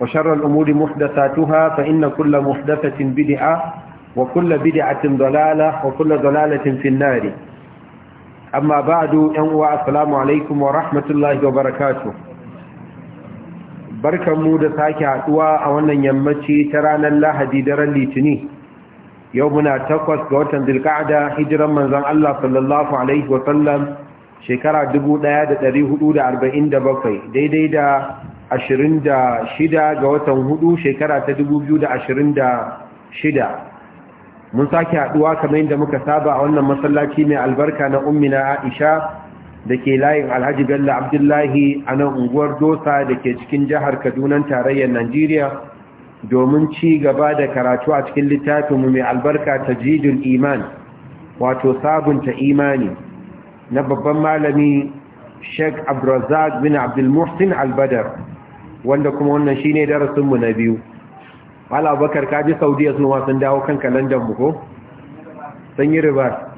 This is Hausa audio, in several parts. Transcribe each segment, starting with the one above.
وشر الأمور محدثاتها فإن كل محدثة بدعة وكل بدعة ضلالة Amma ba في النار أما بعد أنواع السلام عليكم ورحمة الله وبركاته barka mu da sake haduwa a wannan yammaci ta ranar lahadi daren litini yau muna takwas ga watan zilka'ada hijiran manzan Allah shekara sallallahu da wasallam shekara bakwai daidai da 26 ga watan hudu shekara ta 2026 mun sake haduwa kamar yadda muka saba a wannan masallaci mai albarka na ummina Aisha da ke layin Alhaji Bello Abdullahi a nan unguwar Dosa da ke cikin jihar Kaduna tarayyar Najeriya domin ci gaba da karatu a cikin littafinmu mai albarka tajidul iman wato sabunta imani na babban malami Sheikh Abdulrazak bin Abdul Muhsin wanda kuma wannan shine darasin mu na biyu Mala Abubakar kaji Saudiya sun wasu dawo kan kalandar mu ko sun yi riba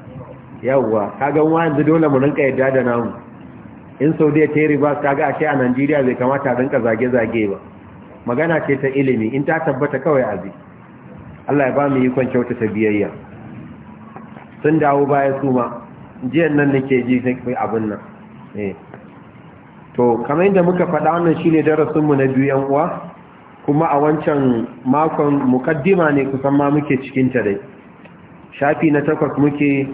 yawwa kaga mu yanzu dole mu rinka yadda da namu in Saudiya ta yi riba kaga ashe a Najeriya bai kamata a rinka zage zage ba magana ce ta ilimi in ta tabbata kawai abi Allah ya ba mu ikon kyauta ta biyayya sun dawo baya su ma jiyan nan nake ji sai abin nan eh to kamar yadda muka faɗa wannan shine darasinmu na biyu yan uwa kuma a wancan makon mukaddima ne kusan ma muke cikin ta dai shafi na takwas muke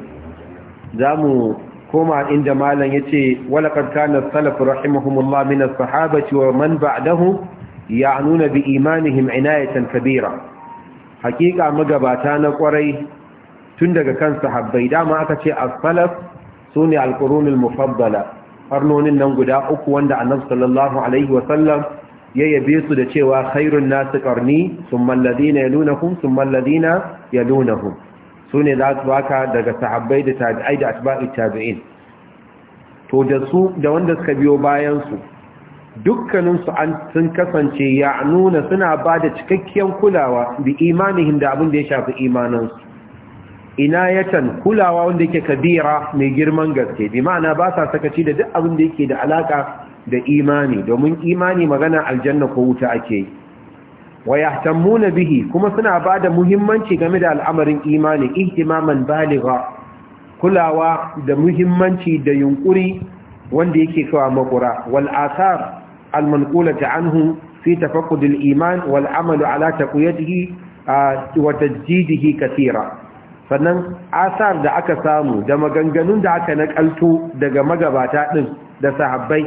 za mu koma inda malam yace wala qad kana salaf rahimahumullah min as-sahabati wa man ya nuna bi imanihim inayatan kabira hakika magabata na kwarai tun daga kan sahabbai dama aka ce as-salaf sune al-qurunul mufaddala karnonin nan guda uku wanda annabi sallallahu alaihi wasallam ya yabe su da cewa khairun nasu karni thumma alladhina yalunahum thumma alladhina Su sune za su baka daga sahabbai da tabi'ai da atba'i tabi'in to da su da wanda suka biyo bayan su dukkanin an sun kasance ya nuna suna ba da cikakkiyar kulawa bi imanihim da abin da ya shafi imaninsu. Ina yatan kulawa wanda yake kabira mai girman gaske bi ma'ana ba sa sakaci da duk abin da yake da alaka da imani domin imani magana aljanna ko wuta ake wa yahtamuna bihi kuma suna ba da muhimmanci game da al'amarin imani ihtimaman baligha kulawa da muhimmanci da yunkuri wanda yake kawa makura wal athar al manqulata anhu fi tafaqqud al iman wal amal ala taqwiyatihi wa tajdidihi katira sannan asar da aka samu da maganganun da aka nakalto daga magabata ɗin da sahabbai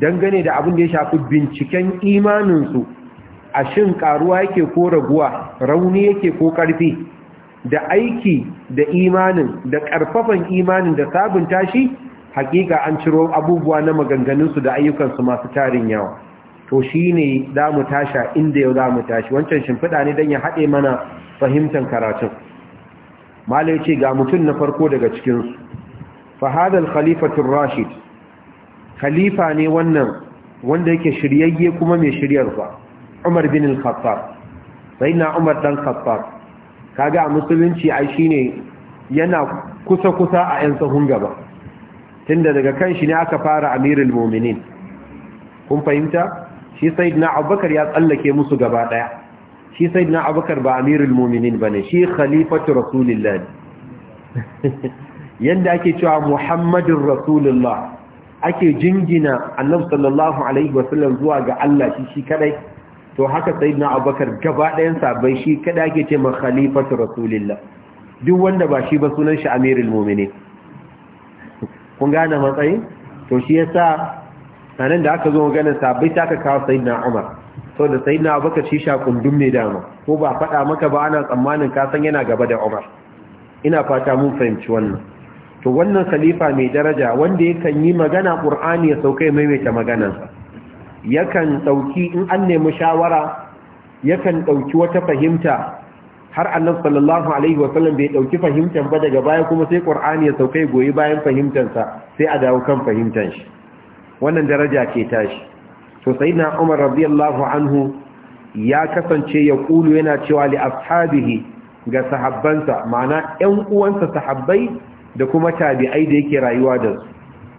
dangane da abin da ya shafi binciken imaninsu a shin karuwa yake ko raguwa rauni yake ko ƙarfi da aiki da imanin da ƙarfafan imanin da sabunta shi hakika an ciro abubuwa na maganganunsu da ayyukansu masu tarin yawa to shine ne za mu tasha inda yau za mu tashi wancan shimfiɗa ne don ya haɗe mana fahimtar karatun mala ya ce ga mutum na farko daga cikinsu fahadar khalifatun rashid khalifa ne wannan wanda yake shiryayye kuma mai shiryarwa umar bin al-khattab sai na umar dan khattab kaga a musulunci ai shine yana kusa kusa a yan sahun gaba tunda daga kan shi ne aka fara amirul mu'minin kun fahimta shi sayyidina abubakar ya tsallake musu gaba daya shi na abubakar ba amirul mu'minin bane shi khalifatu rasulillah yanda ake cewa muhammadur rasulullah ake jingina annab sallallahu alaihi wasallam zuwa ga Allah shi shi kadai to haka na Abakar gaba ɗayan sabai shi kadai ake ce ma khalifatu rasulillah duk wanda ba shi ba sunan shi amirul mu'minin kun gane matsayin to shi yasa sanan da aka zo ganin sabai ta ka kawo sayyidina umar saboda sai na ci shi shakundum ne dama ko ba faɗa maka ba ana tsammanin kasan yana gaba da umar ina fata mun fahimci wannan to wannan khalifa mai daraja wanda yakan yi magana qur'ani ya sauka ya maimaita maganarsa yakan dauki in an nemi shawara yakan dauki wata fahimta har annabi sallallahu alaihi wasallam bai dauki fahimtar ba daga baya kuma sai qur'ani ya sauka goyi bayan fahimtarsa sai a dawo kan fahimtar shi wannan daraja ke tashi to na Umar radiyallahu anhu ya kasance ya kulu yana cewa li ashabihi ga sahabbansa ma'ana ƴan uwansa sahabbai da kuma tabi'ai da yake rayuwa da su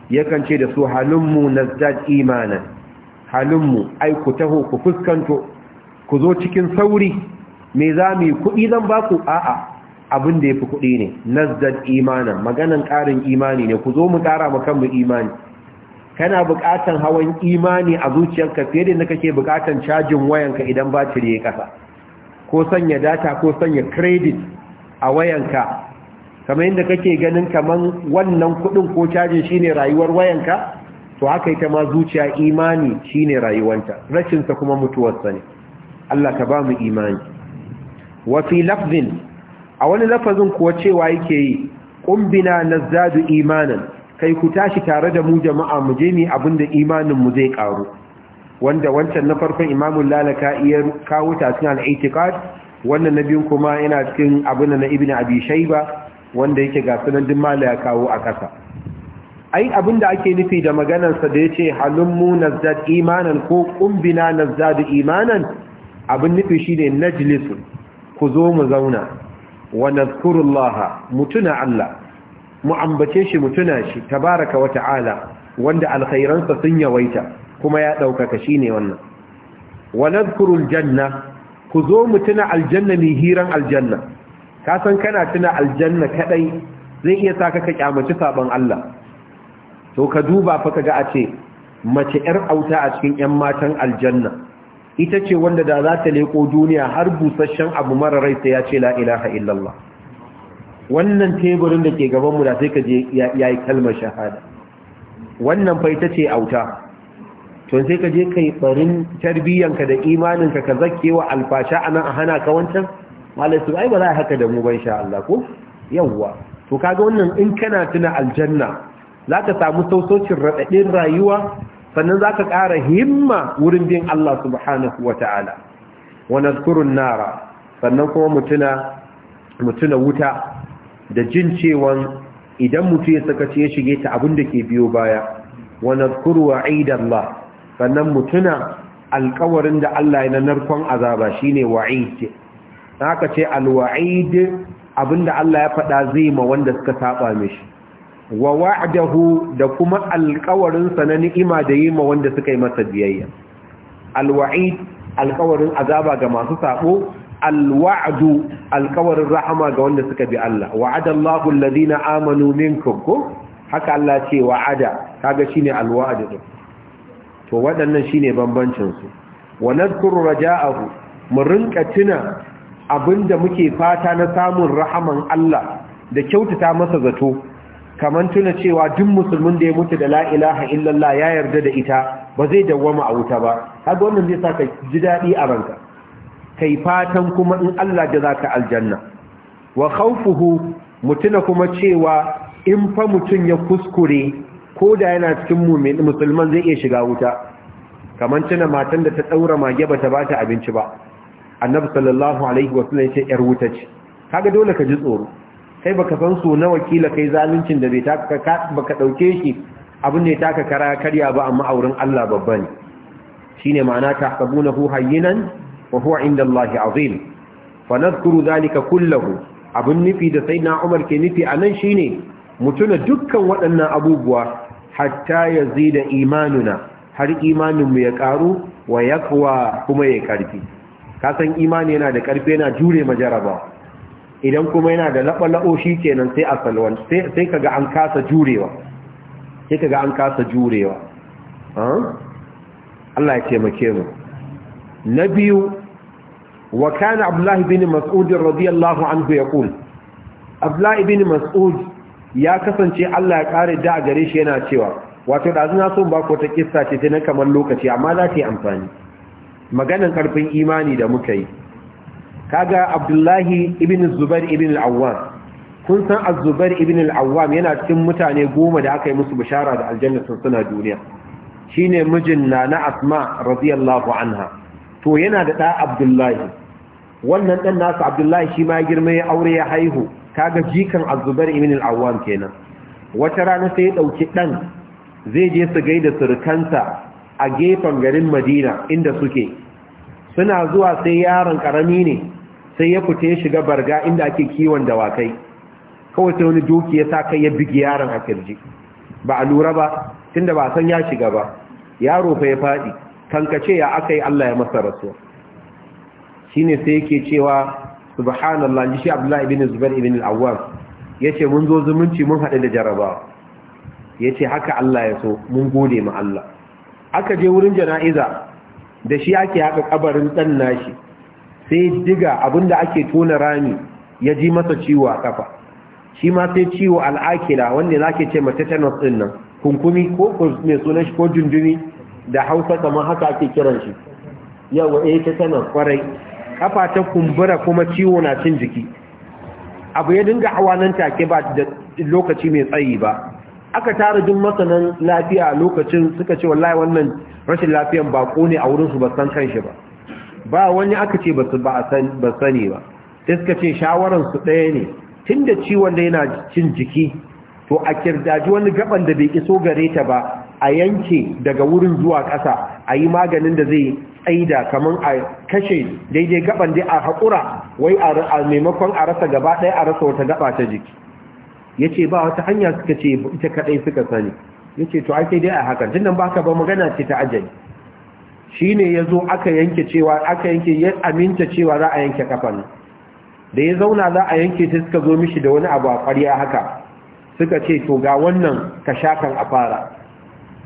yakan ce da su halummu nazdad imanan halummu ai ku taho ku fuskanto ku zo cikin sauri me za mu yi kuɗi zan ba ku a'a abin da ya fi kuɗi ne nazdad imanan maganan ƙarin imani ne ku zo mu ƙara mu kanmu imani kana buƙatan hawan imani a zuciyarka fiye da kake buƙatan cajin wayanka idan batiri ya kasa ko sanya data ko sanya credit a wayanka kamar yadda kake ganin kaman wannan kuɗin ko cajin shine rayuwar wayanka to haka ita ma zuciya imani shine rayuwanta rashin sa kuma mutuwarsa ne Allah ka ba mu imani wa fi lafzin a wani lafazin kuwa cewa yake yi na nazadu imanan kai ku tashi tare da mu jama'a mu je ni abinda imanin mu zai karu wanda wancan na farkon imamul lalaka iya kawo ta cikin al-i'tiqad wannan na biyun kuma yana cikin abin na ibnu abi shayba wanda yake ga sunan din mala kawo a kasa ai abinda ake nufi da maganar sa da yace halummu nazad imanan ko kumbina nazzad imanan abin nufi shine najlisu ku zo mu zauna wa nazkurullaha mutuna Allah mu ambace shi mu tuna shi tabaraka wa ta'ala wanda alkhairansa sun yawaita kuma ya ɗaukaka shi ne wannan wa nadhkurul janna ku zo mu tuna aljanna mai hiran aljanna ka san kana tuna aljanna kadai zai iya saka ka kyamaci saban Allah to ka duba fa kaga a ce mace yar auta a cikin yan matan aljanna ita ce wanda da za ta leko duniya har busasshen abu mara rai sai ya ce la ilaha illallah wannan teburin da ke gabanmu da sai ka je ya yi kalmar shahada wannan faita ce auta to sai ka je ka yi barin tarbiyyanka da imaninka ka ka wa alfasha a nan a hana ka wancan malaisu ai ba za a haka da mu ba insha Allah ko yawwa to kaga wannan in kana tuna aljanna za ka samu sausocin raɗaɗin rayuwa sannan za ka ƙara himma wurin bin Allah subhanahu wa ta'ala wa nara sannan kuma mutuna wuta da jin cewa idan mutu ya saka ya shige ta abin da ke biyo baya wa nadhkuru wa'idallah sannan mutuna alƙawarin da Allah ya narkon azaba shine wa'id haka ce alwa'id abinda Allah ya faɗa zai ma wanda suka saba mishi wa wa'dahu da kuma alƙawarin sa na ni'ima da yi ma wanda suka yi masa biyayya alwa'id alkawarin azaba ga masu sabo alwa'adu alkawarin rahama ga wanda suka bi Allah wa'ada Allahu alladhina amanu minkum ko haka Allah ce wa'ada kaga shine alwa'adu to waɗannan shine bambancin su wa nadhkuru raja'ahu mu rinka tuna abinda muke fata na samun rahaman Allah da kyautata masa zato kaman tuna cewa duk musulmin da ya mutu da la ilaha illallah ya yarda da ita ba zai dawwama a wuta ba kaga wannan zai saka ji daɗi a ranka kai fatan kuma in Allah da za ka aljanna wa khawfuhu mutuna kuma cewa in fa mutum ya kuskure ko da yana cikin mu'min musulman zai iya shiga wuta Kamar tana matan da ta daura mage bata ta abinci ba annabi sallallahu alaihi wasallam ya ce yar wuta ce kaga dole ka ji tsoro kai baka san so na wakila kai zaluncin da bai taka baka dauke shi abin ne taka kara karya ba amma auren Allah babba ne shine ma'ana ku hayyinan wa huwa inda Allah azim fa nadhkuru abun nufi da na Umar ke nufi anan shine mutuna dukkan waɗannan abubuwa hatta da imanuna har imaninmu mu ya karu wa yakwa kuma ya karfi kasan imani yana da karfi yana jure majaraba idan kuma yana da laɓa-laɓo shi kenan sai a salwan sai an kasa jurewa sai kaga an kasa jurewa Allah ya taimake mu na biyu wa kana abdullahi bin mas'ud radiyallahu anhu ya yaqul abdullahi bin mas'ud ya kasance Allah ya kare da a gare shi yana cewa wato da zuna so ba ko ta kissa ce tana kamar lokaci amma za ta yi amfani maganan karfin imani da muka yi kaga abdullahi ibn zubair ibn al-awwam kun san az-zubair ibn al-awwam yana cikin mutane goma da aka yi musu bishara da aljanna sun suna duniya shine mijin nana na asma radiyallahu anha to yana da ɗa abdullahi wannan ɗan nasu abdullahi shi ma girma ya aure ya haihu kaga jikan azubar ibn al kenan wata rana sai ya ɗauki ɗan zai je su gaida surukansa a gefen garin madina inda suke suna zuwa sai yaron ƙarami ne sai ya fita ya shiga barga inda ake kiwon dawakai kawai sai wani doki ya sa kai ya bigi yaron a kirji ba a lura ba tunda ba san ya shiga ba yaro fa ya faɗi kankace ya aka yi Allah ya masa rasuwa shi ne sai yake cewa subhanallah ji shi abdullahi ibn zubair ibn al-awwam ce mun zo zumunci mun haɗu da Ya ce haka Allah ya so mun gode ma Allah aka je wurin jana'iza da shi ake haɗa kabarin ɗan nashi sai diga abinda ake tona rami ya ji masa ciwo a kafa shi ma sai ciwo al'akila wanda zake ce mata tetanus din nan kunkumi ko mai sunan shi ko dundumi. da hausa kamar haka ake kiran shi Yau wa eh, ta tana kwarai kafa ta kumbura kuma ciwo na cin jiki abu ya dinga hawa nan take ba da lokaci mai tsayi ba aka tara jin masanan lafiya lokacin suka ce wallahi wannan rashin lafiyan ko ne a wurin su ba san kanshi ba ba wani aka ce ba su ba san ba sani ba sai suka ce shawaran su ɗaya ne tunda ciwon da yana cin jiki to a kirdaji wani gaban da bai iso gare ta ba a yanke daga wurin zuwa ƙasa a yi maganin da zai tsaida kamar a kashe daidai gaban dai a haƙura wai a maimakon a rasa gaba ɗaya a rasa wata gaba ta jiki ya ce ba wata hanya suka ce ita kaɗai suka sani ya ce to ake dai a hakan tun nan ba ka ba magana ce ta ajali shi ne ya zo aka yanke cewa aka yanke ya aminta cewa za a yanke kafan da ya zauna za a yanke ta suka zo mishi da wani abu a ƙwarya haka suka ce to ga wannan ka shakan a fara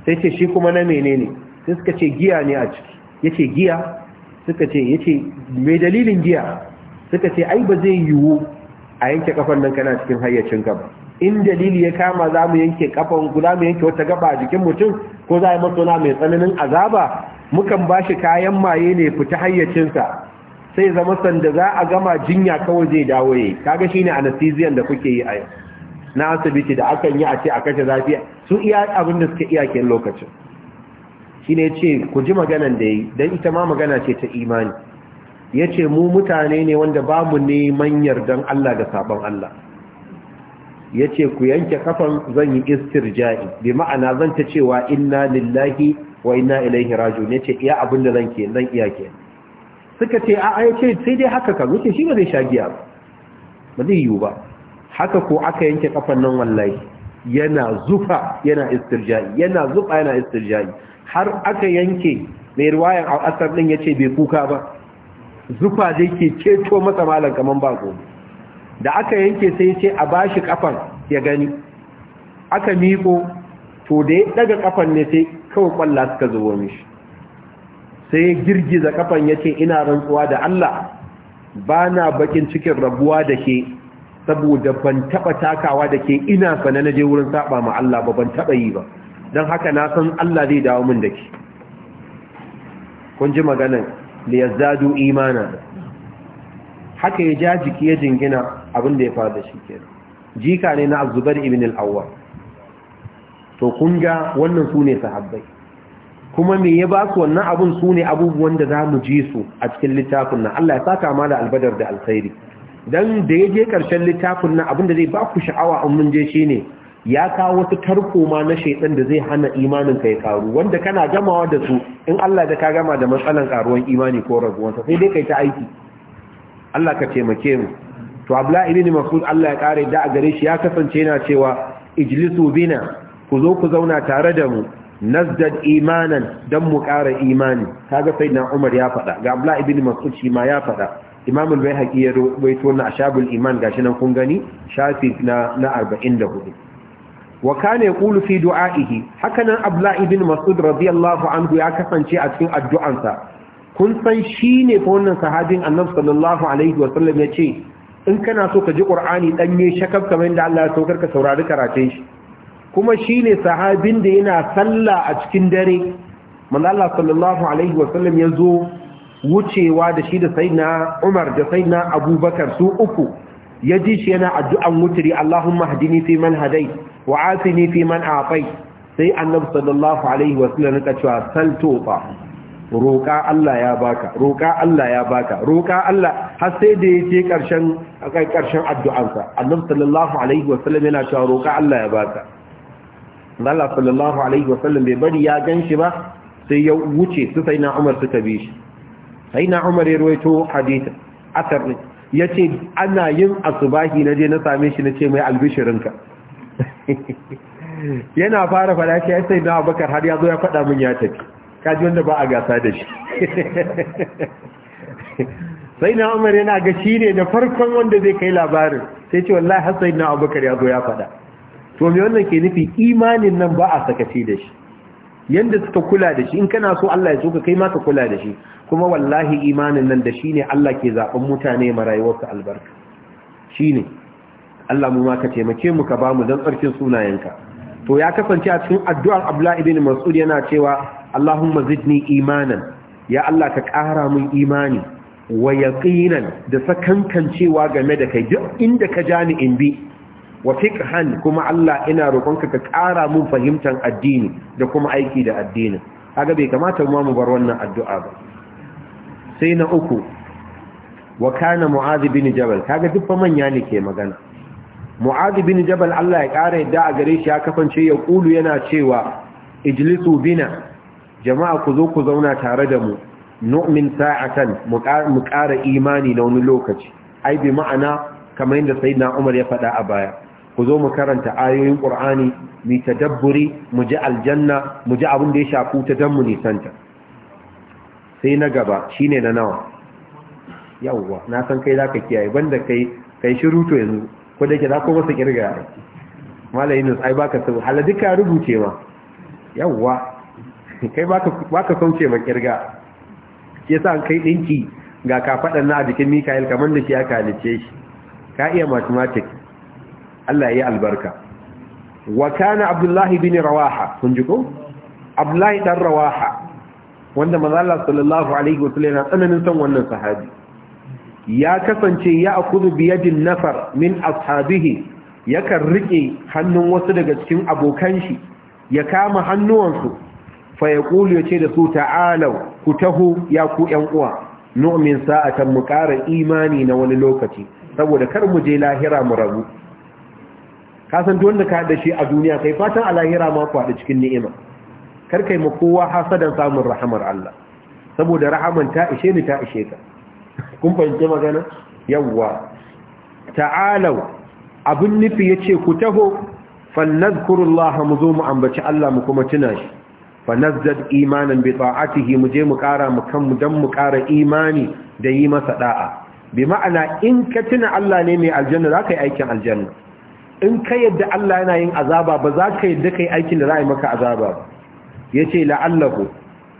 sai ce shi kuma na menene sai suka ce giya ne a ciki yace giya suka ce yace mai dalilin giya suka ce ai ba zai yiwu a yanke kafan nan kana cikin hayyacin ka ba in dalili ya kama za mu yanke kafan guda mu yanke wata gaba a jikin mutum ko za a yi masona mai tsananin azaba mukan ba shi kayan maye ne fita hayyacinsa sai zama sanda za a gama jinya kawai zai dawo ya kaga shine anesthesia da kuke yi a yau na asibiti da akan yi a ce a kashe zafi su iya abin da suka iya kin lokacin shi ne ce ku ji maganan da yi don ita ma magana ce ta imani ya ce mu mutane ne wanda ba mu neman yardan Allah da sabon Allah ya ce ku yanke kafan zan yi istir jai bi ma'ana zan ta cewa inna lillahi wa inna ilaihi raju ne ce iya abin da zan ke zan iya ke suka ce a ya ce sai dai haka kan wuce shi ba zai sha giya ba ba zai yiwu ba haka ko aka yanke kafan nan wallahi yana zufa yana istirja'i yana zufa yana istirja'i har aka yanke mai riwayan al'asar din yace bai kuka ba zufa dai ke ceto masa malam kaman ba gobe da aka yanke sai yace a bashi kafan ya gani aka miko to da ya daga kafan ne sai kawai kwalla suka zubo mishi sai girgiza kafan yace ina rantsuwa da Allah bana bakin cikin rabuwa da ke saboda ban taba takawa da ke ina sana na je wurin saba ma Allah ba ban taba yi ba don haka na san Allah zai dawo min da ke kun ji maganar da ya zadu imana haka ya ja jiki ya jingina abin da ya faru da shi kenan jika ne na azubar ibn al to kun ga wannan su ne sahabbai kuma me ya ba su wannan abun su ne abubuwan da za mu ji su a cikin littafin nan Allah ya saka ma da albadar da alkhairi dan da ya je karshen littafin nan da zai ba ku sha'awa an mun je ne, ya kawo wasu tarko ma na shaitan da zai hana imanin ka ya karu wanda kana gamawa da su in Allah da ka gama da matsalan karuwan imani ko raguwansa sai dai kai ta aiki Allah ka taimake mu to abla ibn mafud Allah ya kare da a gare shi ya kasance yana cewa ijlisu bina ku zo ku zauna tare da mu nazdad imanan dan mu kara imani kaga sayyidina Umar ya faɗa ga abla ibn mafud shi ma ya faɗa imam al-bayhaqi ya rawaito na ashabul iman gashi nan kun gani shafi na na 44 wa kana yaqulu fi du'aihi hakanan abla ibn mas'ud radiyallahu anhu ya kasance a cikin addu'ansa kun san shine fa wannan sahabin annabi sallallahu alaihi wa sallam ya ce in kana so ka ji qur'ani danye shakab kamar inda Allah ya saukar ka saurari karatun shi kuma shine sahabin da yana sallah a cikin dare manzo Allah sallallahu alaihi wa sallam ya zo wucewa da shi da sayyidina Umar da sayyidina Abubakar su uku ya ji shi yana addu'an wuturi Allahumma hadini fi man hadai wa afini fi man afai sai annabi sallallahu alaihi wa sallam ya cewa sal tofa roƙa Allah ya baka roƙa Allah ya baka roƙa Allah har sai da yake ƙarshen akai ƙarshen addu'ansa annabi sallallahu alaihi wa sallam yana cewa roƙa Allah ya baka Allah sallallahu alaihi wa sallam bai bari ya ganshi ba sai ya wuce su sai na Umar suka bi shi sai na umar ya ruwaito hadith asar ne ya ce ana yin asubahi na je na same shi na ce mai albishirinka yana fara fada shi sai na abakar har ya zo ya fada min ya tafi kaji wanda ba a gasa da shi sai na umar yana ga shi ne da farkon wanda zai kai labarin sai ce wallahi har sai na abakar ya zo ya fada to me wannan ke nufi imanin nan ba a sakaci da shi yanda suka kula da shi in kana so Allah ya so ka kai ma ka kula da shi kuma wallahi imanin nan da shi ne Allah ke zaɓen mutane ma rayuwarsa albarka shi ne Allah mu ma ka taimake mu ka bamu don tsarkin sunayenka to ya kasance a cikin addu'ar Abdullahi ibn Mas'ud yana cewa Allahumma zidni imanan ya Allah ka ƙara mun imani wa yaqinan da sakankancewa game da kai duk inda ka ja ni in bi wa fiqhan kuma Allah ina roƙonka ka ƙara mun fahimtar addini da kuma aiki da addinin kaga bai kamata mu bar wannan addu'a ba sai na uku wa kana mu'adh bin jabal kaga duk fa manya ne ke magana mu'adh bin jabal Allah ya ƙara yadda a gare shi ya kafance ya kulu yana cewa ijlisu bina jama'a ku zo ku zauna tare da mu nu'min sa'atan mu ƙara imani na wani lokaci ai bi ma'ana kamar yadda sayyidina Umar ya faɗa a baya ku zo mu karanta ayoyin qur'ani mu tadabburi mu ji aljanna mu ji abin da ya shafu ta dan mu nisanta sai na gaba shine na nawa yawwa na san kai zaka kiyaye banda kai kai shiru to yanzu ko da ke za ko masa kirga malai Yunus ai baka sau hala duka rubuce ma yawwa kai baka baka kauce ma kirga ke an kai dinki ga faɗa na a jikin Mikael kamar da shi aka halice shi ka iya mathematics Allah ya yi albarka wa kana abdullahi bin rawaha kun ji ko abdullahi dan rawaha wanda manzo Allah sallallahu alaihi wasallam yana tsananin son wannan sahabi ya kasance ya akudu yadin nafar min ashabihi yakan rike hannun wasu daga cikin abokan shi ya kama hannuwansu fa ya kulu yace da su ta'alau ku taho ya ku ƴan uwa nu'min sa'atan mu ƙara imani na wani lokaci saboda kar mu je lahira mu rabu ka san duk wanda ka da shi a duniya kai fatan alahira ma ku cikin ni'ima kar kai ma kowa hasadan samun rahamar Allah saboda rahaman ta ishe ni ta ishe ka kun fahimci magana yawwa ta'alau abin nufi yace ku taho fannadhkurullaha mu zo mu ambaci Allah mu kuma tuna shi fanazzad imanan bi ta'atihi mu je mu kara mu kan mu dan mu kara imani da yi masa da'a bi ma'ana in ka tuna Allah ne mai aljanna za ka yi aikin aljanna in ka yadda Allah yana yin azaba ba za ka yadda yi aikin da za maka azaba ya ce la'allahu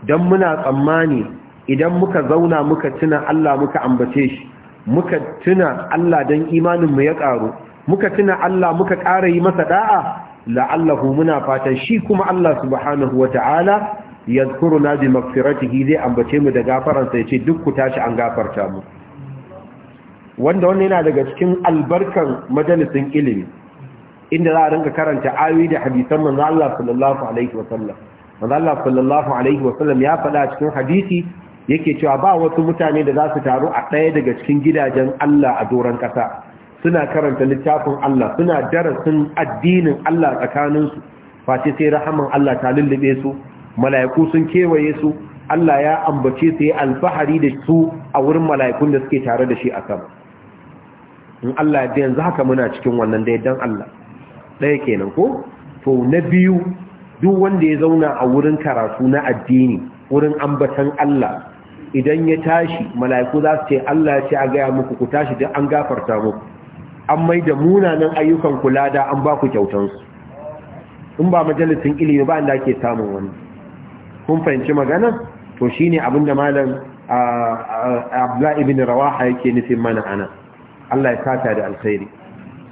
don muna tsammani idan muka zauna muka tuna Allah muka ambace shi muka tuna Allah don imaninmu ya ƙaru muka tuna Allah muka ƙara yi masa ɗa'a, la'allahu muna fatan shi kuma Allah subhanahu wa ta'ala ya zukuru na bi mafiratihi zai ambace mu da gafaransa ya ce duk ku tashi an gafarta mu wanda wannan yana daga cikin albarkan majalisin ilimi inda za a rinka karanta ayoyi da hadisan manzo Allah sallallahu alaihi wasallam manzo Allah sallallahu alaihi wasallam ya faɗa cikin hadisi yake cewa ba wasu mutane da za su taru a ɗaya daga cikin gidajen Allah a doron ƙasa suna karanta littafin Allah suna darasin addinin Allah tsakaninsu face sai rahaman Allah ta lullube su mala'iku sun kewaye su Allah ya ambace su alfahari da su a wurin mala'ikun da suke tare da shi a sama in Allah ya yanzu haka muna cikin wannan dai dan Allah ɗaya kenan ko to na biyu duk wanda ya zauna a wurin karatu na addini wurin ambatan Allah idan ya tashi mala'iku za su ce Allah ce a gaya muku ku tashi duk an gafarta muku an mai da munanan ayyukan kula da an ba ku kyautansu in ba majalisin ilimi ba inda ake samun wani kun fahimci magana to shine abinda malam abdullahi ibn rawaha yake nufin mana ana Allah ya kata da alkhairi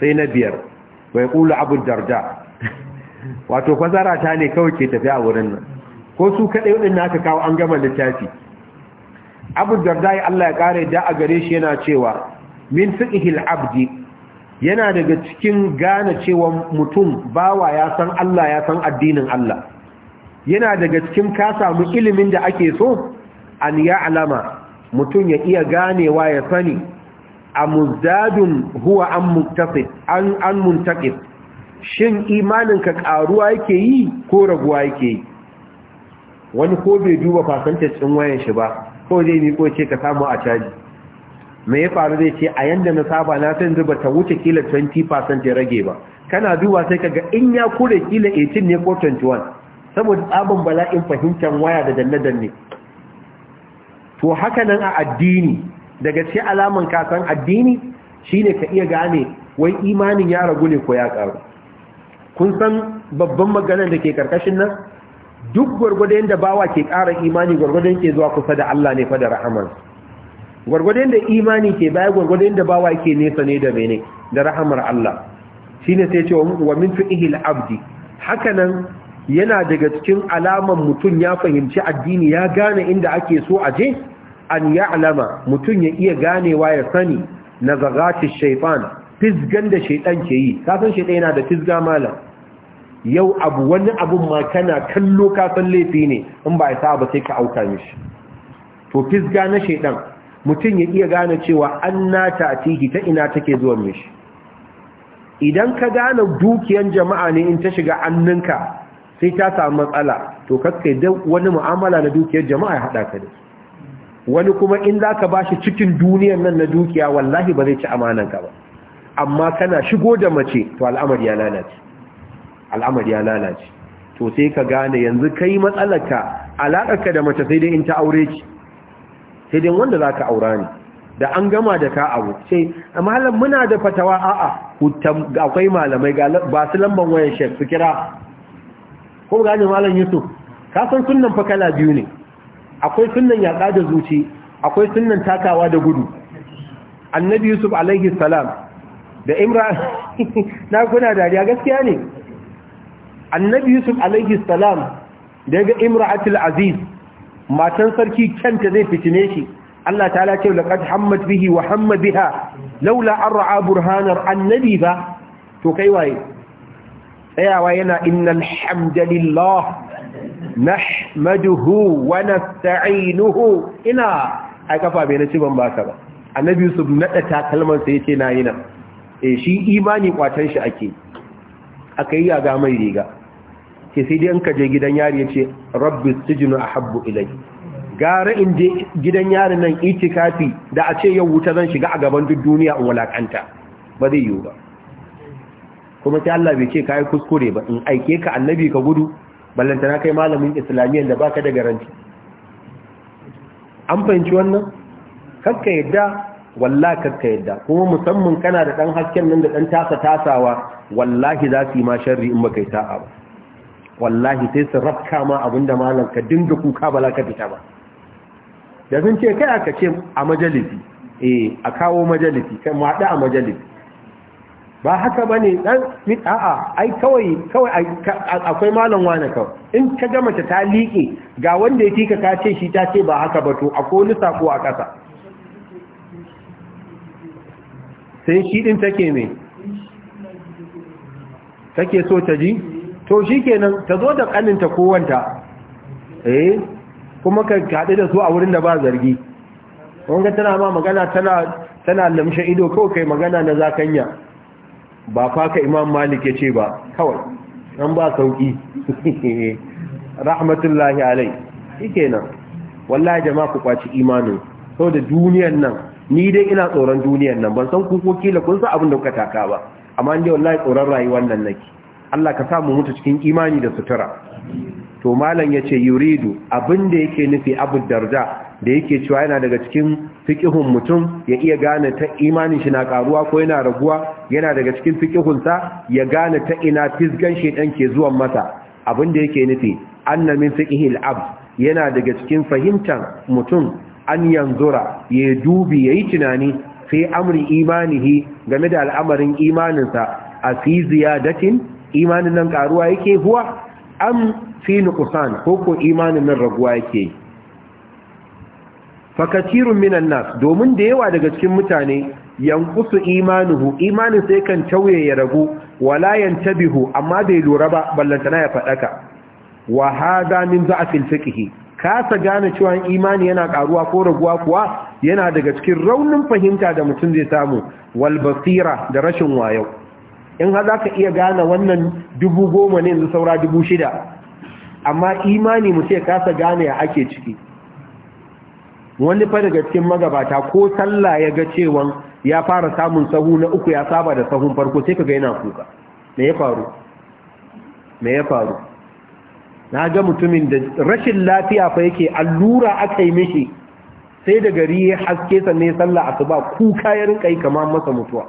sai na biyar bai kula abu darda wato fasara ta ne kawai ke tafi a wurin nan ko su kadai ɗin na kawo an gama littafi abu darda ya Allah ya kare da a gare shi yana cewa min fiqhil abdi yana daga cikin gane cewa mutum bawa ya san Allah ya san addinin Allah yana daga cikin ka samu ilimin da ake so an ya alama mutum ya iya ganewa ya sani amuzadun huwa an muktafid an an muntaqib shin imaninka karuwa yake yi ko raguwa yake yi wani ko bai duba percentage cin wayan shi ba ko zai ni ko ce ka samu a caji me ya faru zai ce a yanda na saba na san zuba ta wuce kila 20% ya rage ba kana duba sai kaga in ya kure kila 18 ne ko 21 saboda tsabon bala'in fahimtar waya da danne-danne to haka nan a addini daga cikin alaman kasan addini shine ka iya gane wai imanin ya ragu ne ko ya karu kun san babban maganar da ke karkashin nan duk gwargwadon yadda bawa ke ƙara imani gwargwadon ke zuwa kusa da Allah ne fa da rahaman gwargwadon yadda imani ke baya gwargwadon yadda bawa yake nesa ne da mene da rahamar Allah shine sai ce wa min ihil abdi nan, yana daga cikin alaman mutum ya fahimci addini ya gane inda ake so a je an ya'lama mutum ya iya ganewa ya sani na zagati shaytan fisgan da shaytan ke yi kasan shaytan yana da fisga malam yau abu wani abun ma kana kallo kasan laifi ne in ba ya sa ba sai ka auka mishi to fisga na shaytan mutum ya iya gane cewa an na atihi ta ina take zuwa mishi idan ka gane dukiyan jama'a ne in ta shiga annanka sai ta samu matsala to kakkai wani mu'amala na dukiyar jama'a ya haɗa ka da su wani kuma in za ka ba shi cikin duniyan nan na dukiya wallahi ba zai ci amananka ba amma kana shigo da mace to al'amari ya lalace ya lalace to sai ka gane yanzu kai matsalarka alaƙarka da mace sai dai in ta aure ki sai dai wanda za ka aura ne da an gama da ka abu sai malam muna da fatawa a'a akwai malamai ba su lamban wayan shek su kira ko gane malam yusuf ka san sunnan fa kala biyu ne akwai sunnan yaƙa da zuci akwai sunnan takawa da gudu annabi yusuf alaihi salam da imra na kuna dariya gaskiya ne annabi yusuf alaihi salam daga imra'atul aziz matan sarki kanta zai fitine shi Allah ta'ala ce laqad hammat bihi wa hamma biha laula an ra'a burhanar annabi ba to kai waye tsayawa yana innal hamdalillah nahmaduhu wa nasta'inuhu ina ai kafa bai na ci ban baka ba annabi yusuf nada kalmar sai yace na yi nan eh shi imani kwatan shi ake akai ya ga mai riga ke sai dai an kaje gidan yari yace rabbi sijnu ahabbu ilayya gara in je gidan yari nan itikafi da a ce yau wuta zan shiga a gaban duk duniya in walakanta ba zai yiwu ba kuma sai Allah bai ce kai kuskure ba in aike ka annabi ka gudu ballantana kai malamin islamiyyar da baka da garanti an fahimci wannan kakka yadda walla kakka yadda kuma musamman kana da ɗan hasken nan da ɗan tasa tasawa wallahi za su yi ma sharri in baka yi sa'a ba wallahi sai su rafka ma abinda malam ka dinga kuka bala ka fita ba da sun ce kai aka ce a majalisi eh a kawo majalisi kai mu haɗu a majalisi ba haka bane dan a'a ai kawai kawai akwai malam wani kawai in ka ga mace ta liƙe ga wanda ya tika ka ce shi ta ce ba haka ba to akwai wani sako a ƙasa sai shi din take me take so ta ji to shikenan ta zo da ƙaninta kowanta eh kuma ka haɗu da su a wurin da ba zargi wanga tana ma magana tana tana lamshe ido kawai kai magana na zakanya ba faka imam malik ya ce ba kawai an ba sauki rahmatullahi alai ike nan wallahi jama'a ku kwaci imanin sau da duniyan nan ni dai ina tsoron duniyan nan ban san kuko kila kun sa abin da kuka taka ba amma ni wallahi tsoron rayuwar nan nake Allah ka sa mu mutu cikin imani da sutura to malam ya ce yuridu abinda yake nufi abu darda da yake cewa yana daga cikin fikihun mutum ya iya gane ta imanin shi na karuwa ko yana raguwa yana daga cikin fikihunsa ya gane ta ina fisgan ɗan ke zuwan masa abinda yake nufi anna min fikihi al'ab yana daga cikin fahimtar mutum an yanzura ya dubi ya yi tunani sai amri imanihi game da al'amarin imaninsa a fi ziyadatin imanin nan karuwa yake huwa am fi nukusan ko ko imanin nan raguwa yake fakatirun minan nas domin da yawa daga cikin mutane yankusu imanuhu imanin sai kan tauye ya ragu wala yantabihu amma bai lura ba ballantana ya fadaka wa hada min za'fil fiqh kasa gane cewa imani yana karuwa ko raguwa kuwa yana daga cikin raunin fahimta da mutum zai samu wal basira da rashin wayo in har zaka iya gane wannan dubu goma ne yanzu saura dubu shida amma imani mu ce kasa gane ya ake ciki wani fa daga cikin magabata ko sallah ya ga cewan ya fara samun sahu na uku ya saba da sahun farko sai kaga yana kuka me ya faru me ya faru na ga mutumin da rashin lafiya fa yake allura aka yi mishi sai da gari ya haske sannan ya sallah asuba kuka ya rinka yi kamar masa mutuwa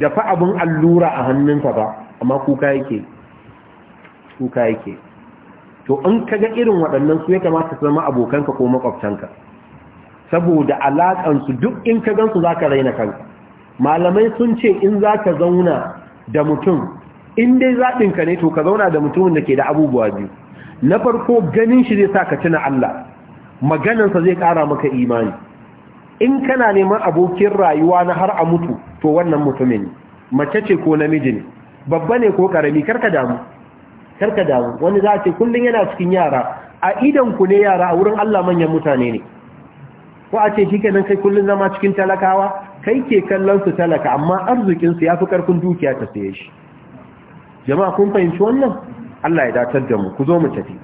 da fa abun allura a hannunsa ba amma kuka yake kuka yake to in ka ga irin waɗannan su ya kamata su zama abokanka ko makwabtanka saboda alaƙansu duk in ka gansu za ka raina kanka malamai sun ce in za ka zauna da mutum in dai ka ne to ka zauna da mutumin da ke da abubuwa biyu na farko ganin shi zai sa ka tuna Allah maganarsa zai ƙara maka imani in kana neman abokin rayuwa na har a mutu to wannan mutumin mace ce ko namiji ne babba ne ko ƙarami karka damu karka damu wani za a ce kullum yana cikin yara a idan ku ne yara a wurin Allah manyan mutane ne ko a ce shi kenan kai kullum zama cikin talakawa kai ke kallon su talaka amma arzikin su yafi karfin dukiya ta saye shi jama'a kun fahimci wannan Allah ya datar da mu ku zo mu tafi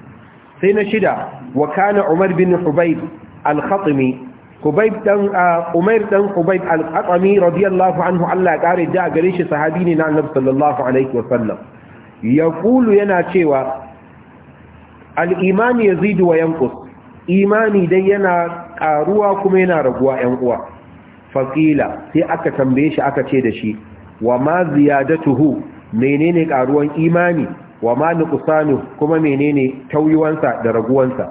sai na shida wa kana Umar bin Hubayb al-Khatmi Hubayb dan Umar dan al-Khatmi radiyallahu anhu Allah ya kare da gare shi sahabi ne na Annabi sallallahu alaihi wa sallam ya kulu yana cewa al'imani ya zidu wa yankus imani dai yana ƙaruwa kuma yana raguwa 'yan uwa. faƙila sai aka tambaye shi aka ce da shi wa ma ziyadatuhu menene ƙaruwan imani wa ma nuqsanu kuma menene tauyuwansa da raguwansa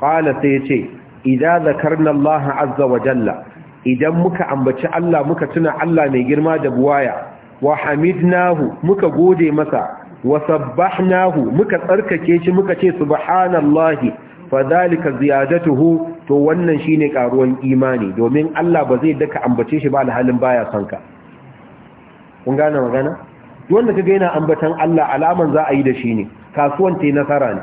qala sai yace idza zakarna Allah azza wa jalla idan muka ambaci Allah muka tuna Allah mai girma da buwaya wa hamidnahu muka gode masa wa sabbahnahu muka tsarkake shi muka ce subhanallahi fa zalika ziyadatuhu to wannan shine karuwan imani domin Allah ba zai daka ambace shi ba alhalin baya son ka kun gane magana wanda kaga yana ambatan Allah alaman za a yi da shi ne kasuwan ta nasara ne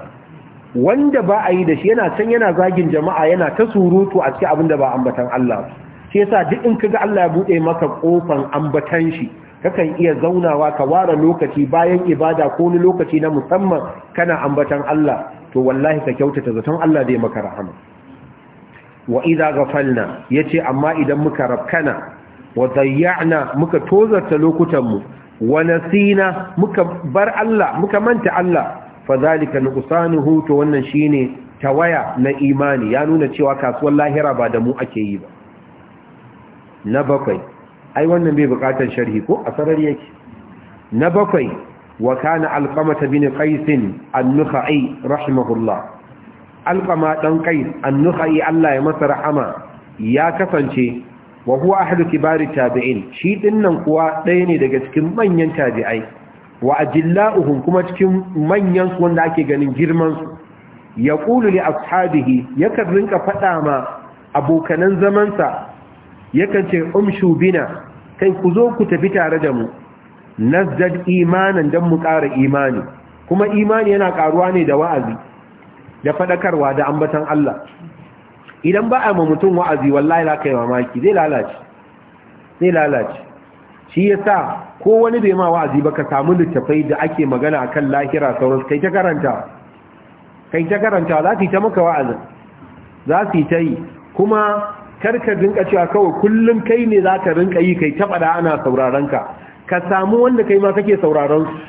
wanda ba a yi da shi yana san yana zagin jama'a yana ta surutu a cikin abinda ba ambatan Allah shi yasa duk in kaga Allah ya bude maka kofan ambatan shi kakan iya zaunawa ka ware lokaci bayan ibada ko ni lokaci na musamman kana ambatan Allah to wallahi ka kyautata zaton Allah zai maka rahama wa idza ghafalna yace amma idan muka rabkana wa dayya'na muka tozarta lokutan mu wa nasina muka bar Allah muka manta Allah fadhalika nuqsanuhu to wannan shine tawaya na imani ya nuna cewa kasuwar lahira ba da mu ake yi ba na bakwai ai wannan bai bukatar sharhi ko a sarari yake na bakwai wa kana alqamata bin qais an-nukhai rahimahullah alqama dan qais an-nukhai Allah ya masa rahama ya kasance wa huwa ahadu kibari tabi'in shi dinnan kuwa ɗaya ne daga cikin manyan tabi'ai wa ajilla'uhum kuma cikin manyan su wanda ake ganin girman su yaqulu li ashabihi yakan rinka fada ma abokanan zamansa yakan ce umshu bina kai ku zo ku tafi tare da mu nazdad imanan dan mu ƙara imani kuma imani yana ƙaruwa ne da wa'azi da faɗakarwa da ambatan Allah idan ba a ma mutum wa'azi wallahi la kai mamaki zai lalace zai lalace shi yasa ko wani bai ma wa'azi ba ka samu littafai da ake magana akan lahira sauran kai ta karanta kai ta karanta za su yi ta maka wa'azin za su yi ta yi kuma karka rinka cewa kawai kullum kai ne za ka rinka yi kai taɓa ana sauraron ka ka samu wanda kai ma kake sauraron su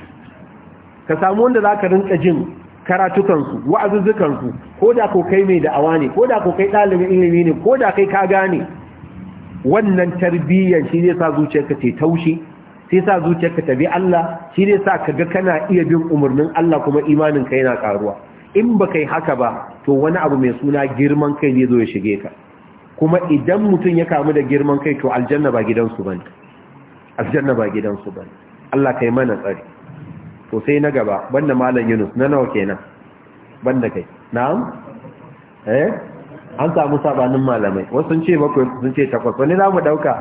ka samu wanda za ka rinka jin karatukansu wa'azuzzukansu ko da ko kai mai da'awa ne ko da ko kai ɗalibin ilimi ne ko da kai ka gane wannan tarbiyyar shi zai sa zuciyarka ce taushe sai sa zuciyarka ta bi Allah shi zai sa ka ga kana iya bin umarnin Allah kuma imanin ka yana karuwa in ba kai haka ba to wani abu mai suna girman kai zai zo ya shige ka kuma idan mutum ya kamu da girman kai to aljanna ba gidansu ba ne aljanna ba gidansu ba ne Allah kai mana tsari to sai na gaba banda malam Yunus na nawa kenan banda kai na'am eh an samu sabanin malamai wasu sun ce bakwai sun ce takwas wani za mu dauka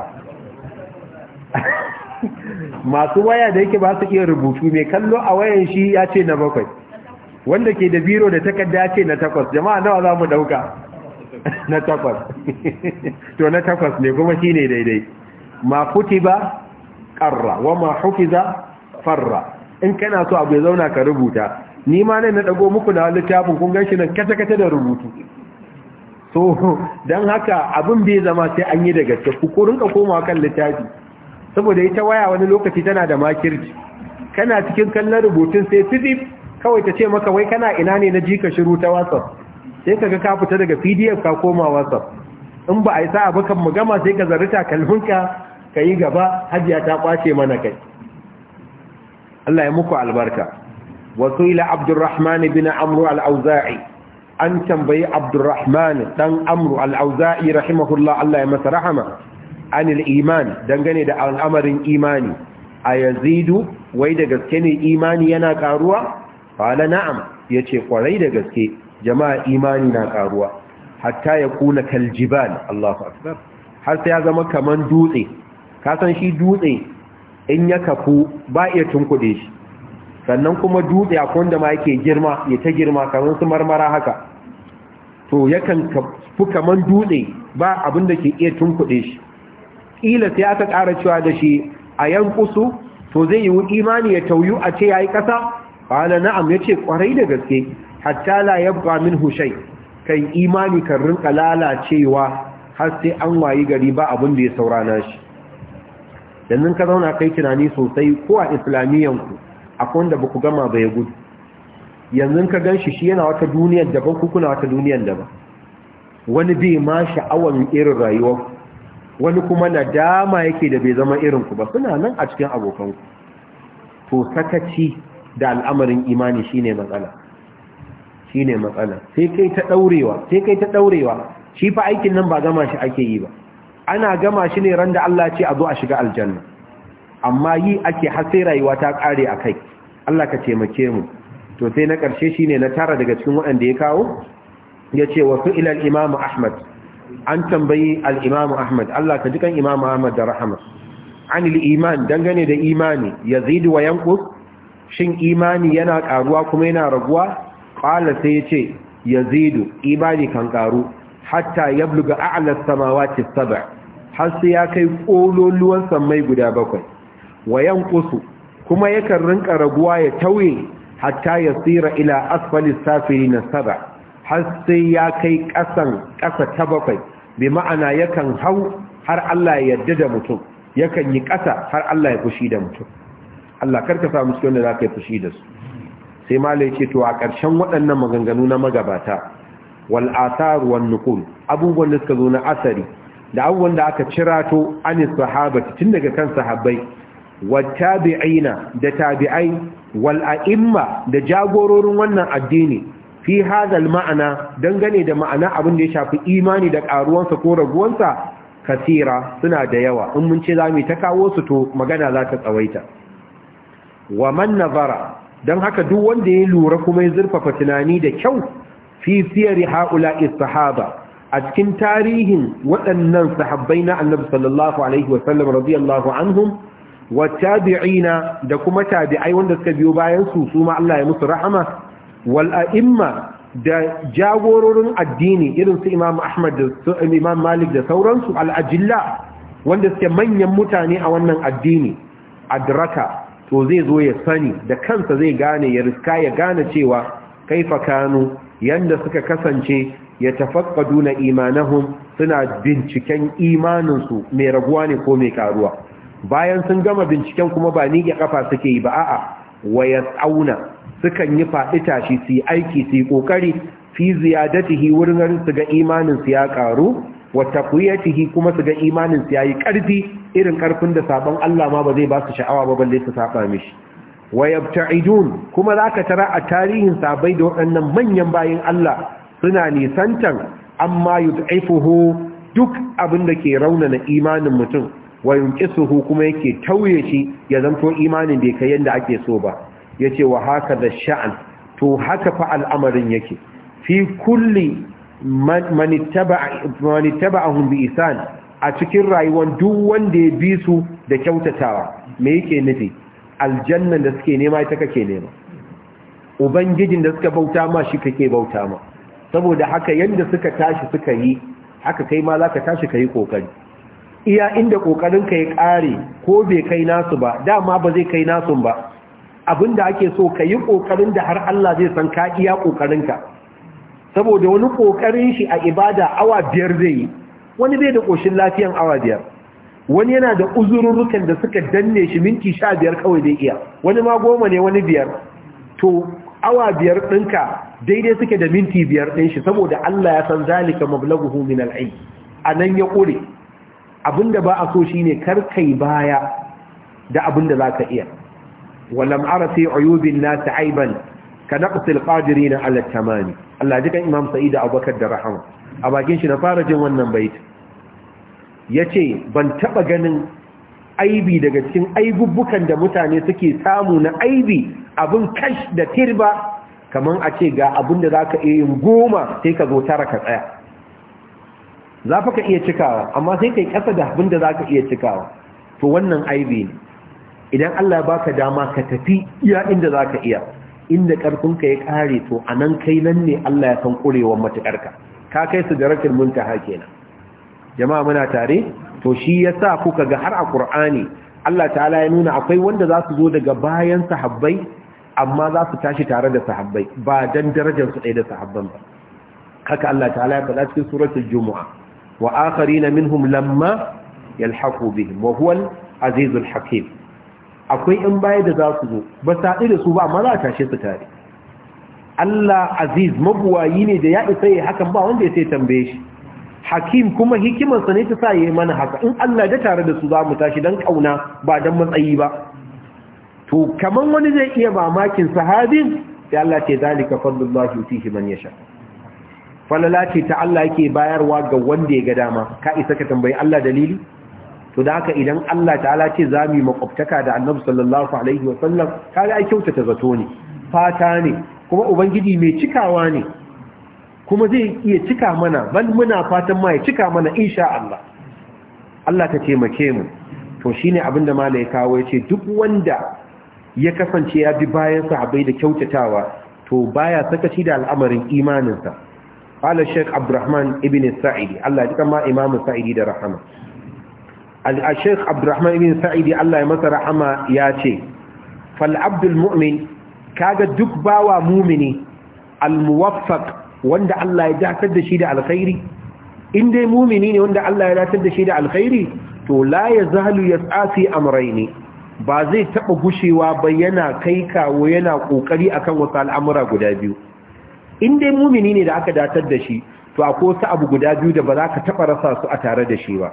masu waya da yake ba su iya rubutu mai kallo a wayan shi ya ce na bakwai wanda ke da biro da takarda ya ce na takwas jama'a nawa za mu dauka na takwas to na takwas ne kuma shi ne daidai ma kutiba ƙarra wa ma hufiza farra in kana so abu ya zauna ka rubuta ni ma ne na ɗago muku na littafin kun gan shi nan kata-kata da rubutu so don haka abin bai zama sai an yi da gaske ku rinka komawa kan littafi saboda ita waya wani lokaci tana da makirci kana cikin kallon rubutun sai tidif kawai ta ce maka wai kana ina ne na ji ka shiru ta whatsapp sai ka ga ka fita daga pdf ka koma whatsapp in ba a yi sa'a bakan mu gama sai ka zarri takalminka ka yi gaba hajiya ta kwace mana kai Allah ya muku albarka wasu ila abdurrahman bin amru al-auza'i an tambayi abdurrahman dan amru al-auza'i rahimahullah Allah ya masa rahama anil iman dangane da al'amarin imani a yazidu wai da gaske ne imani yana karuwa fala na'am yace kwarai da gaske jama'a imani na karuwa hatta ya kuna kaljibal Allahu akbar har sai ya zama kaman dutse ka san shi dutse in ya kafu ba iya tunkude shi sannan kuma dutse a kunda ma yake girma ya ta girma kaman su marmara haka to yakan kafu kaman dutse ba abin da ke iya tunkude shi kila sai aka ƙara cewa da shi a yankusu to zai yi imani ya tauyu a ce yayi ƙasa qala na'am ya ce ƙwarai da gaske hatta la min min hushai kai imani kan rinka lalacewa har sai an wayi gari ba abin da ya saurana shi yanzu ka zauna kai tunani sosai ko a islamiyyan ku akwai wanda baku gama ba ya gudu yanzu ka ganshi shi shi yana wata duniyar daban ku kuna wata duniyar daban wani bai ma sha'awar irin rayuwar wani kuma nadama yake da bai zama irinku ba suna nan a cikin abokanku. to sakaci da al'amarin imani shine matsala shine matsala sai kai ta daurewa sai kai ta daurewa shi fa aikin nan ba gama shi ake yi ba ana gama shi ne randa Allah ce a zo a shiga aljanna amma yi ake har sai rayuwa ta kare akai Allah ka taimake mu to sai na karshe shine na tara daga cikin waɗanda ya kawo yace wa ila al-imam Ahmad an tambayi al-imam Ahmad Allah ka jikan imam Ahmad da rahama an al-iman dangane da imani yazidu wa yanqus shin imani yana karuwa kuma yana raguwa qala sai yace yazidu imani kan karu hatta yabluga a'la samawati sab'a har sai ya kai kololuwan samai guda bakwai wayan kusu kuma yakan rinka raguwa ya tauye hatta yasira ila asfali safirin sab'a har sai ya kai kasan kasa ta bakwai bi ma'ana yakan hau har Allah ya yarda da mutum yakan yi kasa har Allah ya kushi da mutum Allah karka sa musu wanda za ka yi fushi da su sai malai ce to a ƙarshen waɗannan maganganu na magabata wal athar wan nuqul abubuwan da suka zo na asari da abubuwan da aka cira to anis sahabati tun daga kan sahabbai Wa tabi'ina da tabi'ai wal a'imma da jagororin wannan addini fi hadal ma'ana dangane da ma'ana abin da ya shafi imani da karuwansa ko raguwansa kasira suna da yawa in mun ce za mu ta kawo su to magana za ta tsawaita wa man nazara don haka duk wanda ya lura kuma ya zurfafa tunani da kyau fi siyari haula sahaba a cikin tarihin waɗannan sahabbai na annabi sallallahu alaihi wa sallam radiyallahu anhum wa tabi'ina da kuma tabi'ai wanda suka biyo bayan su su ma Allah ya musu rahama wal a'imma da jagororin addini irin su Imam Ahmad da Imam Malik da sauransu al ajilla wanda suke manyan mutane a wannan addini adraka to zai zo ya sani da kansa zai gane ya riska ya gane cewa kaifa kanu yanda suka kasance ya tafaqqadu na imanahum suna binciken imaninsu mai raguwa ne ko mai karuwa bayan sun gama binciken kuma ba ni ga kafa suke yi ba a'a waya tsauna sukan yi faɗi tashi su yi aiki su yi ƙoƙari fi ziyadatihi wurin su ga imanin su ya ƙaru wa taqwiyatihi kuma su ga imanin su yayi karfi irin karfin da sabon Allah ma ba zai ba su sha'awa ba balle su saba mishi wa yabta'idun kuma zaka tara a tarihin sabai da waɗannan manyan bayin Allah suna nisantan amma yud'ifuhu duk abin da ke raunana imanin mutum wa yunqisuhu kuma yake tauye shi ya zanto imanin da kai yanda ake so ba yace wa haka da sha'an to haka fa al'amarin yake fi kulli a hundu isan a cikin rayuwar duk wanda ya bi su da kyautatawa me yake nufi aljannan da suke nema ita kake nema ubangijin da suka bauta ma shi kake bauta ma saboda haka yadda suka tashi suka yi haka kai ma za ka tashi ka yi kokari iya inda kokarin ka ya kare ko bai kai nasu ba dama ba zai kai nasu ba abinda ake so ka yi kokarin da har Allah zai san ka iya kokarin ka saboda wani kokarin shi a ibada awa biyar zai yi wani bai da koshin lafiyan awa biyar wani yana da uzurrukan da suka danne shi minti sha biyar kawai da iya wani ma goma ne wani biyar to awa biyar ɗinka daidai suke da minti biyar ɗin shi saboda Allah ya san zalika mablaguhu min al'ai a nan ya ƙure abinda ba a so shine kar kai baya da abinda za ka iya walam ara sai uyubin na aiban ka naqsil qadirina ala tamani Allah jikan Imam Sa'id Abubakar da rahama a bakin shi na fara jin wannan Ya ce ban taɓa ganin aibi daga cikin aibubbukan da mutane suke samu na aibi abin kash da tirba kaman a ce ga abin da zaka iya yin goma sai ka zo tara ka tsaya za fa ka iya cikawa amma sai kai kasa da abin da zaka iya cikawa to wannan aibi ne idan Allah ya baka dama ka tafi iya inda zaka iya inda karfinka ya ƙare to a nan kai nan ne Allah ya san kurewar matukarka ka kai su darakin muntaha kenan jama'a muna tare to shi yasa kuka ga har a ƙur'ani Allah ta'ala ya nuna akwai wanda za su zo daga bayan sahabbai amma za su tashi tare da sahabbai ba dan darajar su ɗaya da sahabban ba haka Allah ta'ala ya faɗa cikin suratul Jumu'a wa akharina minhum lamma yalhaqu bihim wa huwal azizul hakim akwai ‘yan baya da za su zo ba saɗi da su ba amma za a tashe su tare Allah aziz mabuwayi ne da ya isa yi hakan ba wanda ya sai tambaye shi hakim kuma hikimar sa ne ta sa ya yi mana haka in Allah da tare da su za mu tashi dan kauna ba dan matsayi ba to kamar wani zai iya mamakin sahabin ya Allah ce zalika fadlullahi yutihi man yasha falala ce ta Allah yake bayarwa ga wanda ya ga dama ka isa ka tambayi Allah dalili to da haka idan Allah ta'ala ce za mu yi makwabtaka da annabi sallallahu alaihi wa sallam kaga ai kyautata zato ne fata ne kuma ubangiji mai cikawa ne kuma zai iya cika mana ban muna fatan ma ya cika mana insha Allah Allah ta taimake mu to shine abinda da ya kawo yace duk wanda ya kasance ya bi bayan sahabbai da kyautatawa to baya sakaci da al'amarin imaninsa qala sheikh abdurrahman ibn sa'idi Allah ya kama imamin sa'idi da rahama al-sheikh abdurrahman ibn sa'idi Allah ya masa rahama ya ce fal abdul mu'min kaga duk bawa mumini al-muwaffaq wanda Allah ya dakar da shi da alkhairi in dai mumini ne wanda Allah ya datar da shi da alkhairi to la ya ya yas'afi amrayni ba zai taɓa gushewa ba yana kai kawo yana kokari akan wasu al'amura guda biyu in dai mumini ne da aka datar da shi to akwai wasu abu guda biyu da ba za ka taba rasa su a tare da shi ba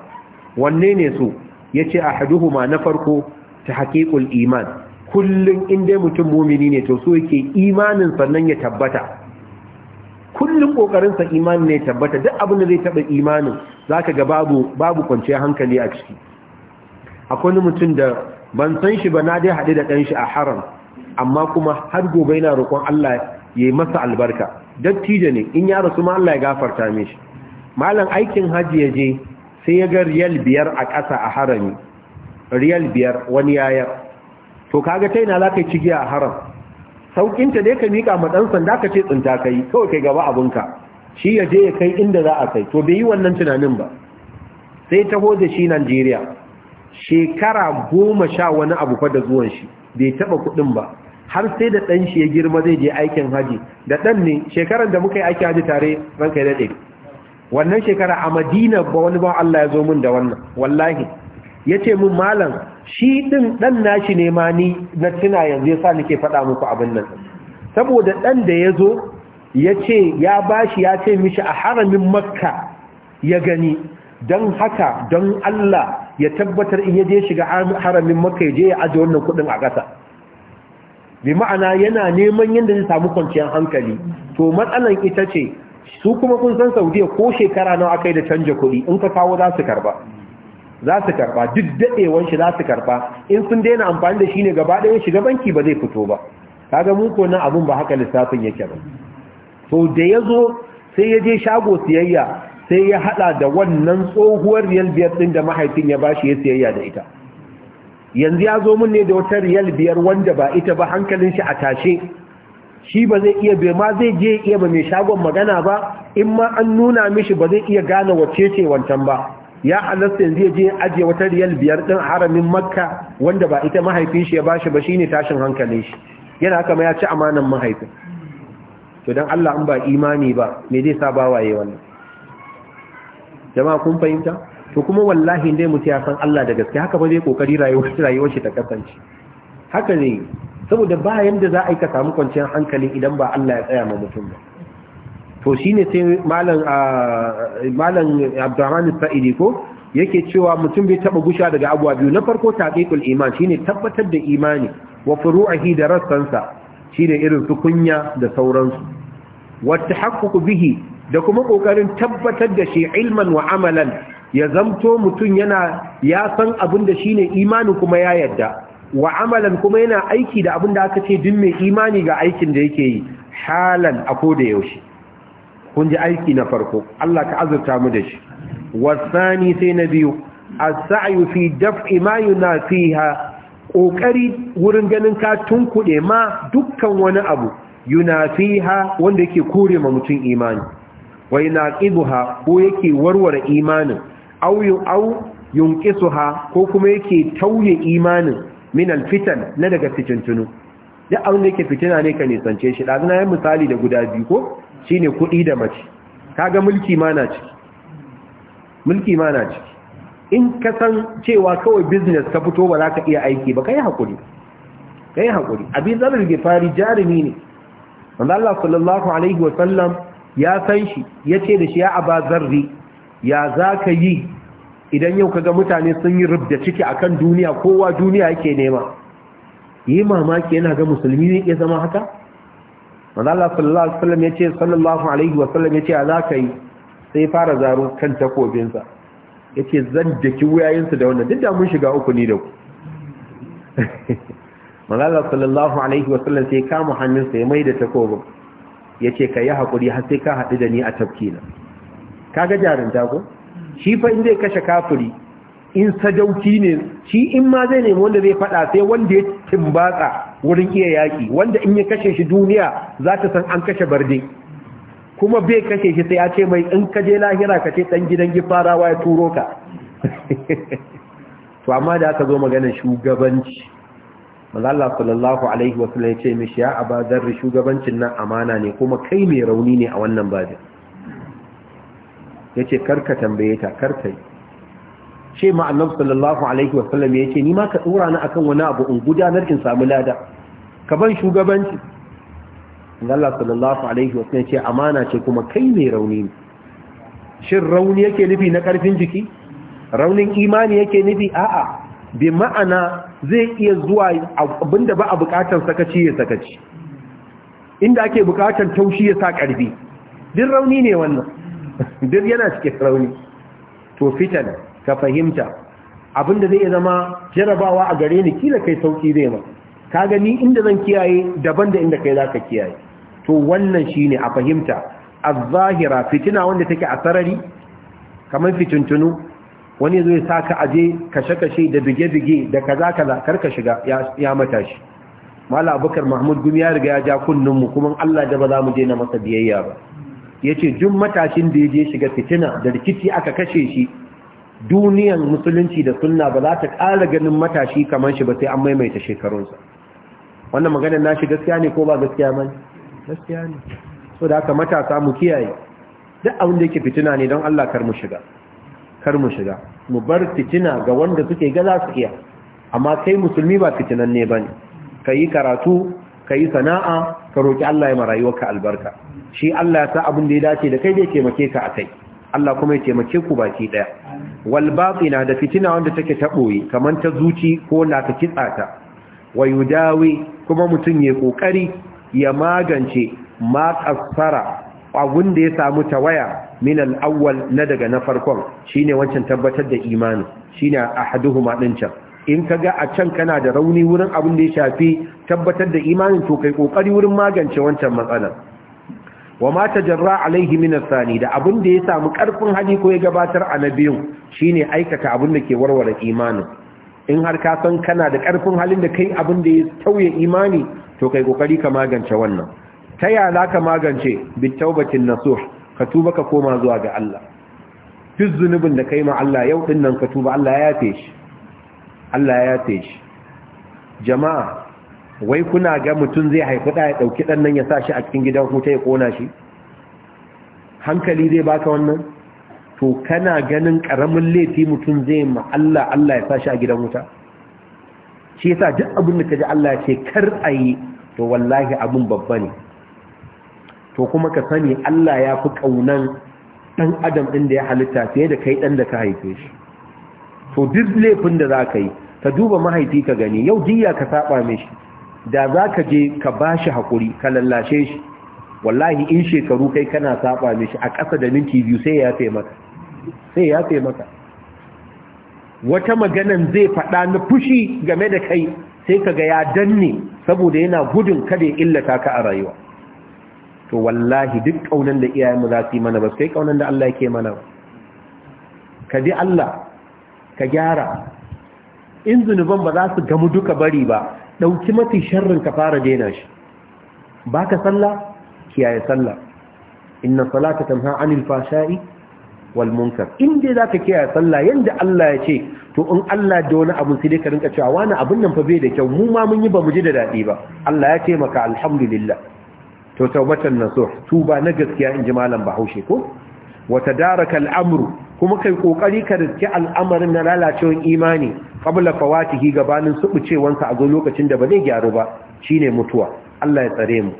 wanne ne su yace ahaduhuma na farko ta tahqiqul iman kullun inda mutum mumini ne to so yake imanin sannan ya tabbata Kullum ƙoƙarinsa sa imanin ne tabbata duk abin da zai taɓa imanin zaka ga babu babu kwanciyar hankali a ciki akwai mutum da ban san shi ba na dai haɗu da ɗan shi a haram amma kuma har gobe yana roƙon Allah ya yi masa albarka dattijo ne in ya rasu ma Allah ya gafarta mishi malam aikin hajji ya je sai ya ga riyal biyar a ƙasa a harami riyal biyar wani yayar to kaga ta yana za ka yi cigiya a haram sauƙinta dai ka miƙa ma ɗan sanda ka ce tsinta ka yi kawai kai gaba abinka shi ya je ya kai inda za a kai to bai yi wannan tunanin ba sai taho da shi najeriya shekara goma sha wani abu fa da zuwan shi bai taɓa kuɗin ba har sai da ɗan shi ya girma zai je aikin haji da ɗan ne shekarar da muka yi aiki haji tare ranka ya daɗe wannan shekara a madina ba wani ba Allah ya zo min da wannan wallahi ya ce min malam shi ɗin ɗan nashi ne ma ni na tuna yanzu ya sa nake faɗa muku abin nan saboda ɗan da ya zo ya ce ya bashi ya ce mishi a haramin makka ya gani don haka don Allah ya tabbatar in ya je shiga haramin makka ya je ya aje wannan kuɗin a ƙasa bi ma'ana yana neman yadda zai samu kwanciyar hankali to matsalan ita ce su kuma kun san saudiya ko shekara nawa aka yi da canja kuɗi in ka kawo za su karba za su karba duk daɗewan shi za su karba in sun daina amfani da shi ne gaba ɗaya shiga banki ba zai fito ba kaga mun ko nan abun ba haka lissafin yake ba to da ya zo sai ya je shago siyayya sai ya haɗa da wannan tsohuwar riyal biyar ɗin da mahaifin ya bashi ya siyayya da ita yanzu ya zo mun ne da wata riyal biyar wanda ba ita ba hankalin shi a tashe shi ba zai iya bai ma zai je iya ba mai shagon magana ba in ma an nuna mishi ba zai iya gane wacce ce wancan ba ya halasta yanzu je ajiye wata riyal biyar din haramin makka wanda ba ita mahaifin shi ya bashi ba shine tashin hankalin shi yana kama ya ci amanan mahaifin to dan Allah in ba imani ba me zai sa ba waye wannan jama'a kun fahimta to kuma wallahi dai mutiya ya san Allah da gaske haka ba zai kokari rayuwar rayuwar shi ta kasance haka ne saboda ba yadda za a yi ka samu kwanciyar hankali idan ba Allah ya tsaya ma mutum ba to shine sai malam malam Abdurrahman Sa'idi ko yake cewa mutum bai taba gusha daga abuwa biyu na farko taqiqul iman shine tabbatar da imani wa furu'ihi da rassansa shine irin su kunya da sauransu wa tahaqquq bihi da kuma kokarin tabbatar da shi ilman wa amalan ya zamto mutum yana ya san abin da shine imani kuma ya yadda wa amalan kuma yana aiki da abin da aka ce din mai imani ga aikin da yake yi halan a koda yaushe kun ji aiki na farko Allah ka azurta mu da shi wasani sai na biyu as-sa'yu fi daf'i ma yunafiha kokari wurin ganin ka tunkude ma dukkan wani abu yunafiha wanda yake kore ma mutum imani wa yunaqidha ko yake warware imanin au au yunqisuha ko kuma yake tauye imanin min alfitan na daga fitintunu duk abin da yake fitina ne ka nisance shi ɗazuna ya misali da guda biyu ko shine kuɗi da mace kaga mulki ma na ciki mulki ma na ciki in ka san cewa kawai business ka fito ba za ka iya aiki ba ka yi haƙuri ka yi haƙuri abin zarar gifari jarumi ne wanda Allah sallallahu alaihi wasallam ya san shi ya ce da shi ya aba zarri ya za ka yi idan yau kaga mutane sun yi rubda ciki akan duniya kowa duniya yake nema yi mamaki yana ga musulmi ne ya zama haka manzo Allah sallallahu alaihi wasallam yace sallallahu alaihi wasallam yace a yi. sai fara zaro kan takobin sa yace zan daki wayayin su da wannan duk da mun shiga uku ni da ku manzo Allah sallallahu alaihi wasallam sai kama hannun sa ya maida takobin yace kai hakuri har sai ka hadu da ni a tafkina kaga jarin ta ko shi fa in zai kashe kafiri in sadauki ne shi in ma zai nemi wanda zai fada sai wanda ya timbatsa wurin iya yaki wanda in ya kashe shi duniya za ta san an kashe barde kuma bai kashe shi sai ya ce mai in ka je lahira ka ce dan gidan gifarawa ya turo ka to amma da aka zo magana shugabanci Allah sallallahu alaihi wasallam ya ce mishi ya abadar shugabancin nan amana ne kuma kai mai rauni ne a wannan babin ya ce karka tambaye ta karka yi ce ma'annan sallallahu alaihi wasallam ya ce ni ma ka tsura na akan wani abu in gudanar in samu lada ka ban shugabanci Allah sallallahu alaihi wasallam ce amana ce kuma kai mai rauni ne shin rauni yake nufi na karfin jiki raunin imani yake nufi a'a bi ma'ana zai iya zuwa abinda ba a bukatar sakaci ya sakaci inda ake bukatar taushi ya sa karfi din rauni ne wannan duk yana cikin rauni to fitan ka fahimta abin da zai zama jarabawa a gare ni kila kai sauki zai ma ka gani inda zan kiyaye daban da inda kai zaka kiyaye to wannan shine a fahimta az-zahira fitina wanda take a sarari kamar fituntunu, wani zai sa ka aje kashe-kashe da bige-bige da kaza kaza karka shiga ya matashi mala abubakar mahmud gumi ya riga ya ja kunnun mu kuma allah da ba za mu je na masa biyayya ba Ya ce, duk matashin da ya je shiga fitina da rikici aka kashe shi duniyan musulunci da sunna ba za ta ƙara ganin matashi kamar shi ba sai an maimaita shekarunsa wannan na nashi gaskiya ne ko ba gaskiya ba gaskiya ne so da aka matasa mu kiyaye duk abin da yake fitina ne don Allah kar mu shiga kar mu shiga mu bar fitina ga wanda suke ga za su iya amma kai musulmi ba fitinan ne bane ka yi karatu ka yi sana'a ka roƙi Allah ya marayuwarka albarka shi Allah ya sa abin da ya dace da kai zai taimake ka a kai Allah kuma ya taimake ku baki daya wal batina da fitina wanda take taboye kaman ta zuci ko na ta kitsata wayudawi kuma mutun ya kokari ya magance ma kasara abun da ya samu tawaya min al awwal na daga na farkon shine wancan tabbatar da imani shine ahaduhuma din can in ka ga a can kana da rauni wurin abin da ya shafi tabbatar da imanin to kai kokari wurin magance wancan matsalar wa ma tajarra alaihi min asani da abin da ya samu karfin hali ko ya gabatar a nabiyun shine aikata abin da ke warware imanin in har ka san kana da karfin halin da kai abin da ya tauye imani to kai kokari ka magance wannan ta ya la ka magance bitaubatin nasuh ka tuba ka koma zuwa ga Allah duk zunubin da kai ma Allah yau dinnan ka tuba Allah ya yafe shi Allah ya yafe shi jama'a wai kuna ga mutum zai haifi ɗaya ɗauki ɗannan nan ya sa shi a cikin gidan huta ya kona shi hankali zai baka wannan to kana ganin karamin laifi mutum zai ma Allah Allah ya sashi shi a gidan wuta shi yasa duk abin da kaji Allah ya ce kar a yi to wallahi abun babba ne to kuma ka sani Allah ya fi kaunan ɗan adam ɗin da ya halitta fiye da kai dan da ka haife shi to duk laifin da za ka yi ka duba mahaifi ka gani yau jiya ka saba mishi da za ka je ka ba shi haƙuri ka lallashe shi wallahi in shekaru kai kana saba mishi a ƙasa da minti biyu sai ya fe maka sai ya fe maka wata maganan zai faɗa na fushi game da kai sai ka ga ya danne saboda yana gudun kada ya illata ka a rayuwa to wallahi duk ƙaunar da iyayenmu za su yi mana ba su kai da Allah yake mana ka ji Allah ka gyara in zunuban ba za su gamu duka bari ba ɗauki mafi sharrin ka fara daina shi ba ka sallah kiyaye sallah inna salata tanha anil fashai wal munkar in dai zaka kiyaye sallah yadda Allah ya ce to in Allah da wani abun sai dai ka rinka cewa wani abun nan fa bai da kyau mu ma mun yi ba mu ji da daɗi ba Allah ya ce maka alhamdulillah to taubatan nasuh tuba na gaskiya in ji malam Bahaushe ko wa tadaraka amru kuma kai kokari ka riske al'amarin na lalacewar imani qabla fawatihi gabanin subucewansa a zo lokacin da ba zai gyaru ba shine mutuwa Allah ya tsare mu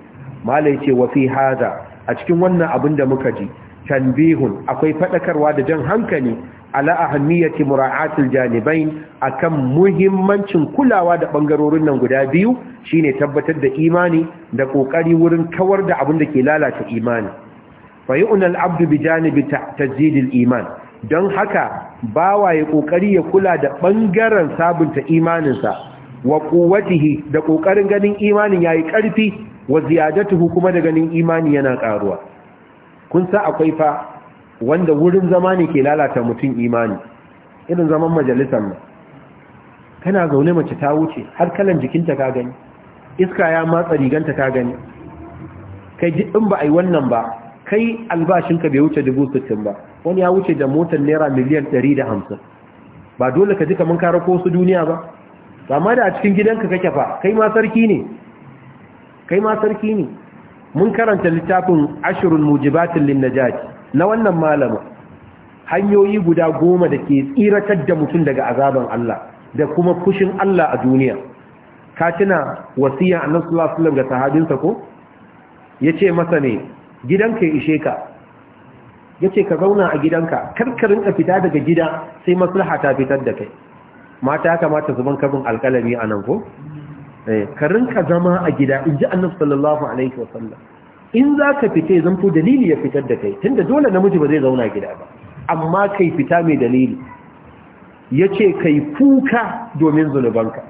malai ce wa fi hada a cikin wannan abin da muka ji tanbihun akwai fadakarwa da jan hankali ala ahammiyati mura'atil janibain akan muhimmancin kulawa da bangarorin nan guda biyu shine tabbatar da imani da kokari wurin kawar da abin da ke lalata imani fa yu'nal abdu bi janibi tajdidil iman don haka ba wa ya ƙoƙari ya kula da ɓangaren sabunta imaninsa wa quwwatihi da ƙoƙarin ganin imanin ya yi ƙarfi, wa ziyadatuhu kuma da ganin imani yana ƙaruwa. kun sa akwai fa wanda wurin zama ne ke lalata mutum imani irin zaman majalisar nan kana zaune mace ta wuce har kalan jikinta ka gani iska ya matsa riganta ka gani kai ɗin ba a yi wannan ba kai albashinka bai wuce dubu sittin ba wani ya wuce da motar naira miliyan 150 ba dole ka jika mun kare ko su duniya ba amma da a cikin gidanka kake fa kai ma sarki ne kai ma sarki ne mun karanta littafin ashrul mujibatin lin najat na wannan malama hanyoyi guda goma da ke tsiratar da mutum daga azaban Allah da kuma kushin Allah a duniya ka tuna wasiya annabi sallallahu alaihi wasallam ga sahabinsa ko yace masa ne gidanka ya ishe ka yace ka zauna a gidanka kar ka rinka fita daga gida sai maslaha ta fitar da kai mata ya kamata zuban kabin alkalami a nan ko eh, ka zama a gida in ji annabi sallallahu alaihi wasallam in za ka fita zan fi dalili ya fitar da kai tunda dole namiji ba zai zauna gida ba amma kai fita mai dalili ya ce kai kuka domin zunubanka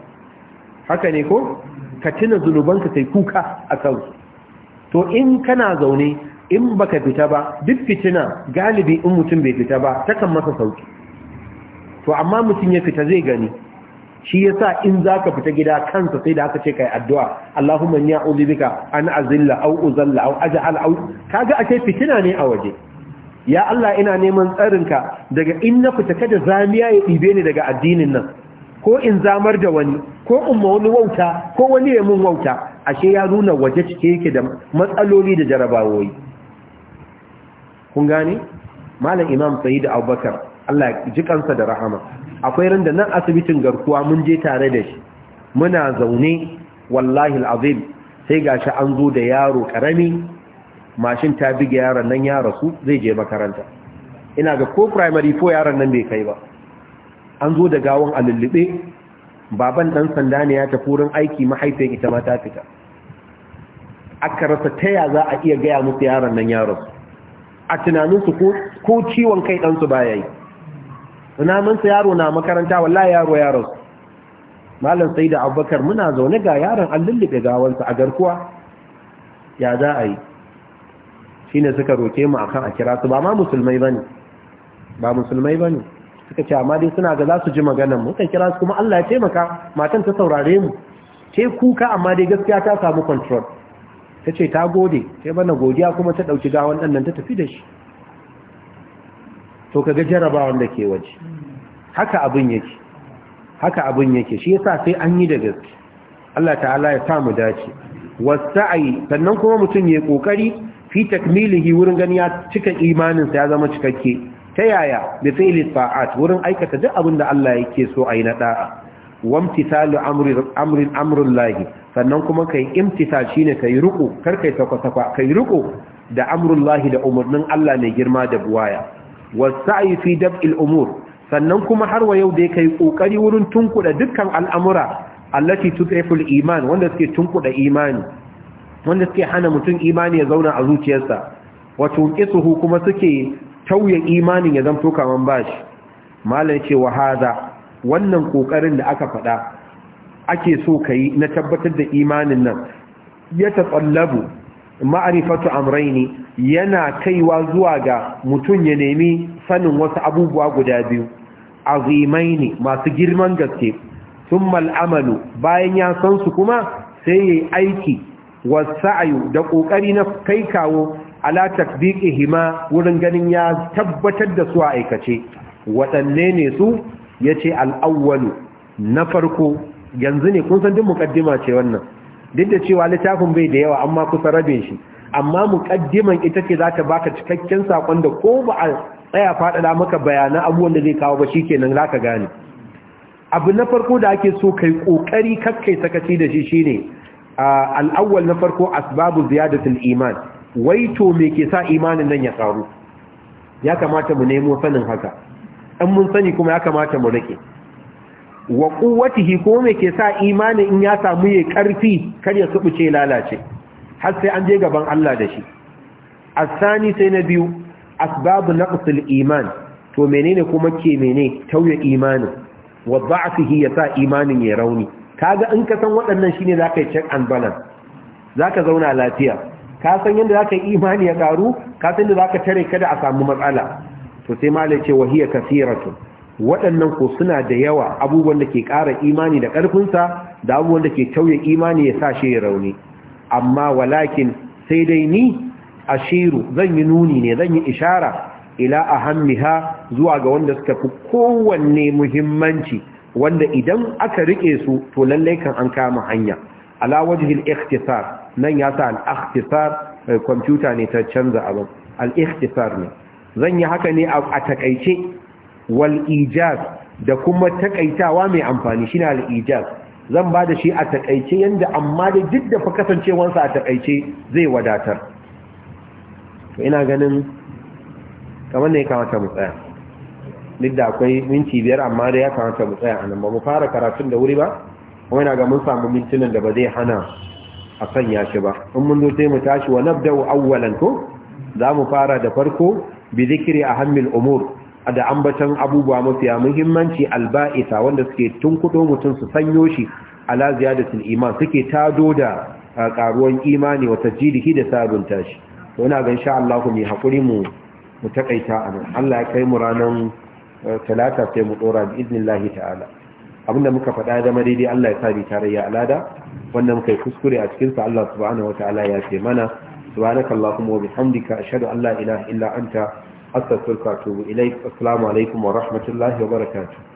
haka ne ko ka tuna zunubanka kai kuka a kansu to in kana zaune in baka fita ba duk fitina galibi in mutum bai fita ba takan masa sauki to amma mutum ya fita zai gani shi yasa in zaka fita gida kansa sai da aka ce kai addu'a Allahumma ya uzi bika an azilla au uzalla aw aj'al aw kaga ake fitina ne a waje ya Allah ina neman tsarinka daga in na fita kada zamiya ya ɗibe ni daga addinin nan ko in zamar da wani ko in ma wani wauta ko wani ya mun wauta ashe ya nuna waje cike yake da matsaloli da jarabawoyi kun gane malam imam sayyid abubakar Allah ya ji kansa da rahama akwai randa nan asibitin garkuwa mun je tare da shi muna zaune wallahi alazim sai gashi an zo da yaro karami mashin ta bige yaron nan ya rasu zai je makaranta ina ga ko primary ko yaron nan bai kai ba an zo da gawon alullube baban dan sanda ne ya tafi wurin aiki mahaifiyar ita ma ta fita aka rasa ta ya za a iya gaya musu yaron nan ya rasu a tunaninsu ko ciwon kai ɗansu ya yi Tunaninsu yaro na makaranta wallahi yaro yaro malam sai da abubakar muna zaune ga yaron an lullube gawansa a garkuwa ya za a yi shi ne suka roke mu akan a kira su ba ma musulmai ba ne ba musulmai ba suka ce amma dai suna ga za su ji maganan mu kan kira su kuma allah ya taimaka matan ta saurare mu ce kuka amma dai gaskiya ta samu control ta ce ta gode sai bana godiya kuma ta ɗauki gawan ɗan nan ta tafi da shi to kaga jarabawan da ke waje haka abin yake haka abin yake shi yasa sai an yi da gaske Allah ta'ala ya sa mu dace wasa'i sannan kuma mutum ya kokari fi takmilihi wurin gani ya cika imanin sa ya zama cikakke ta yaya bi fi'li ta'at wurin aikata duk abin da Allah yake so ayi na da'a wamtithalu amri amri amrullahi sannan kuma kai imtisa shine kai ruku kar kai takwa kai ruku da amrullahi da umarnin Allah mai girma da buwaya wasa'i fi dab'il umur sannan kuma har wa yau da kai kokari wurin tunkuɗa dukkan al'amura allati tudriful iman wanda suke tunkuda imani wanda suke hana mutum imani ya zauna a zuciyarsa wato kisuhu kuma suke tauye imanin ya zamto kaman bashi malam ce wa wannan ƙoƙarin da aka faɗa ake so ka yi na tabbatar da imanin nan ya tsallabu ma'arifatu amraini yana kaiwa zuwa ga mutum ya nemi sanin wasu abubuwa guda biyu azimai ne masu girman gaske sun mal'amalu bayan ya san su kuma sai ya yi aiki wasu ayu da ƙoƙari na kai kawo ala tasbiƙi hima wurin ganin ya tabbatar da su a aikace waɗanne ne su ya ce al'awwalu na farko yanzu ne kun san duk mukaddima ce wannan duk da cewa littafin bai da yawa amma kusa rabe shi amma mukaddiman ita ce za ta baka cikakken sakon da ko ba a tsaya faɗaɗa maka bayanan abu wanda zai kawo ba shikenan za ka gane abu na farko da ake so kai kokari kakkai sakaci da shi shine al'awwal na farko asbabu ziyadatul iman wai to me ke sa imanin nan ya karu ya kamata mu nemo sanin haka in mun sani kuma ya kamata mu rike wa kuwatihi ko me ke sa imani in ya samu ya karfi kar ya subuce lalace har sai an je gaban Allah da shi asani sai na biyu asbabu naqsil iman to menene kuma ke mene tauye imanin wa da'fihi ya sa imanin ya rauni kaga in ka san waɗannan shine zaka yi check and balance zaka zauna lafiya ka san yadda zaka yi imani ya karu ka san yadda zaka tare kada a samu matsala to sai malai ce wahiya kaseeratu waɗannan ko suna da yawa abubuwan da ke ƙara imani da ƙarfinsa da abubuwan da ke tauye imani ya sa shi ya rauni amma walakin sai dai ni a shiru. zan yi nuni ne zan yi ishara ila a ha zuwa ga wanda suka fi kowanne muhimmanci wanda idan aka riƙe su to lallai kan an kama hanya ala wajihil ikhtisar nan ya sa al-ikhtisar eh, kwamfuta ne ta canza abin al-ikhtisar ne zan yi haka ne a takaice wal da kuma takaitawa mai amfani shi al ijaz zan ba da shi a takaice yadda amma da duk da fa kasancewansa a takaice zai wadatar to ina ganin kamar ne ya kamata mu tsaya duk da akwai minti biyar amma da ya kamata mu tsaya anan ba mu fara karatun da wuri ba kuma ina ga mun samu mintunan da ba zai hana a sanya shi ba in mun zo sai mu tashi wa nabda'u awwalan ko za mu fara da farko bi a ahammil umur da ambatan abubuwa mafiya muhimmanci alba'isa wanda suke tunkudo mutum su sanyo shi ala ziyadatul iman suke tado da karuwan imani wa tajdidihi da sabunta shi to ina ga insha Allah mu hakuri mu mu takaita anan Allah ya kai mu ranan eh, talata sai mu dora bi idnillahi ta'ala abinda muka faɗa da daidai, Allah ya sa tarayya alada wanda muka kuskure a cikin sa Allah subhanahu ta'ala ya ce mana subhanakallahumma wa bihamdika ashhadu an la ilaha illa anta astaghfiruka wa atubu ilaik assalamu alaikum wa rahmatullahi wa barakatuh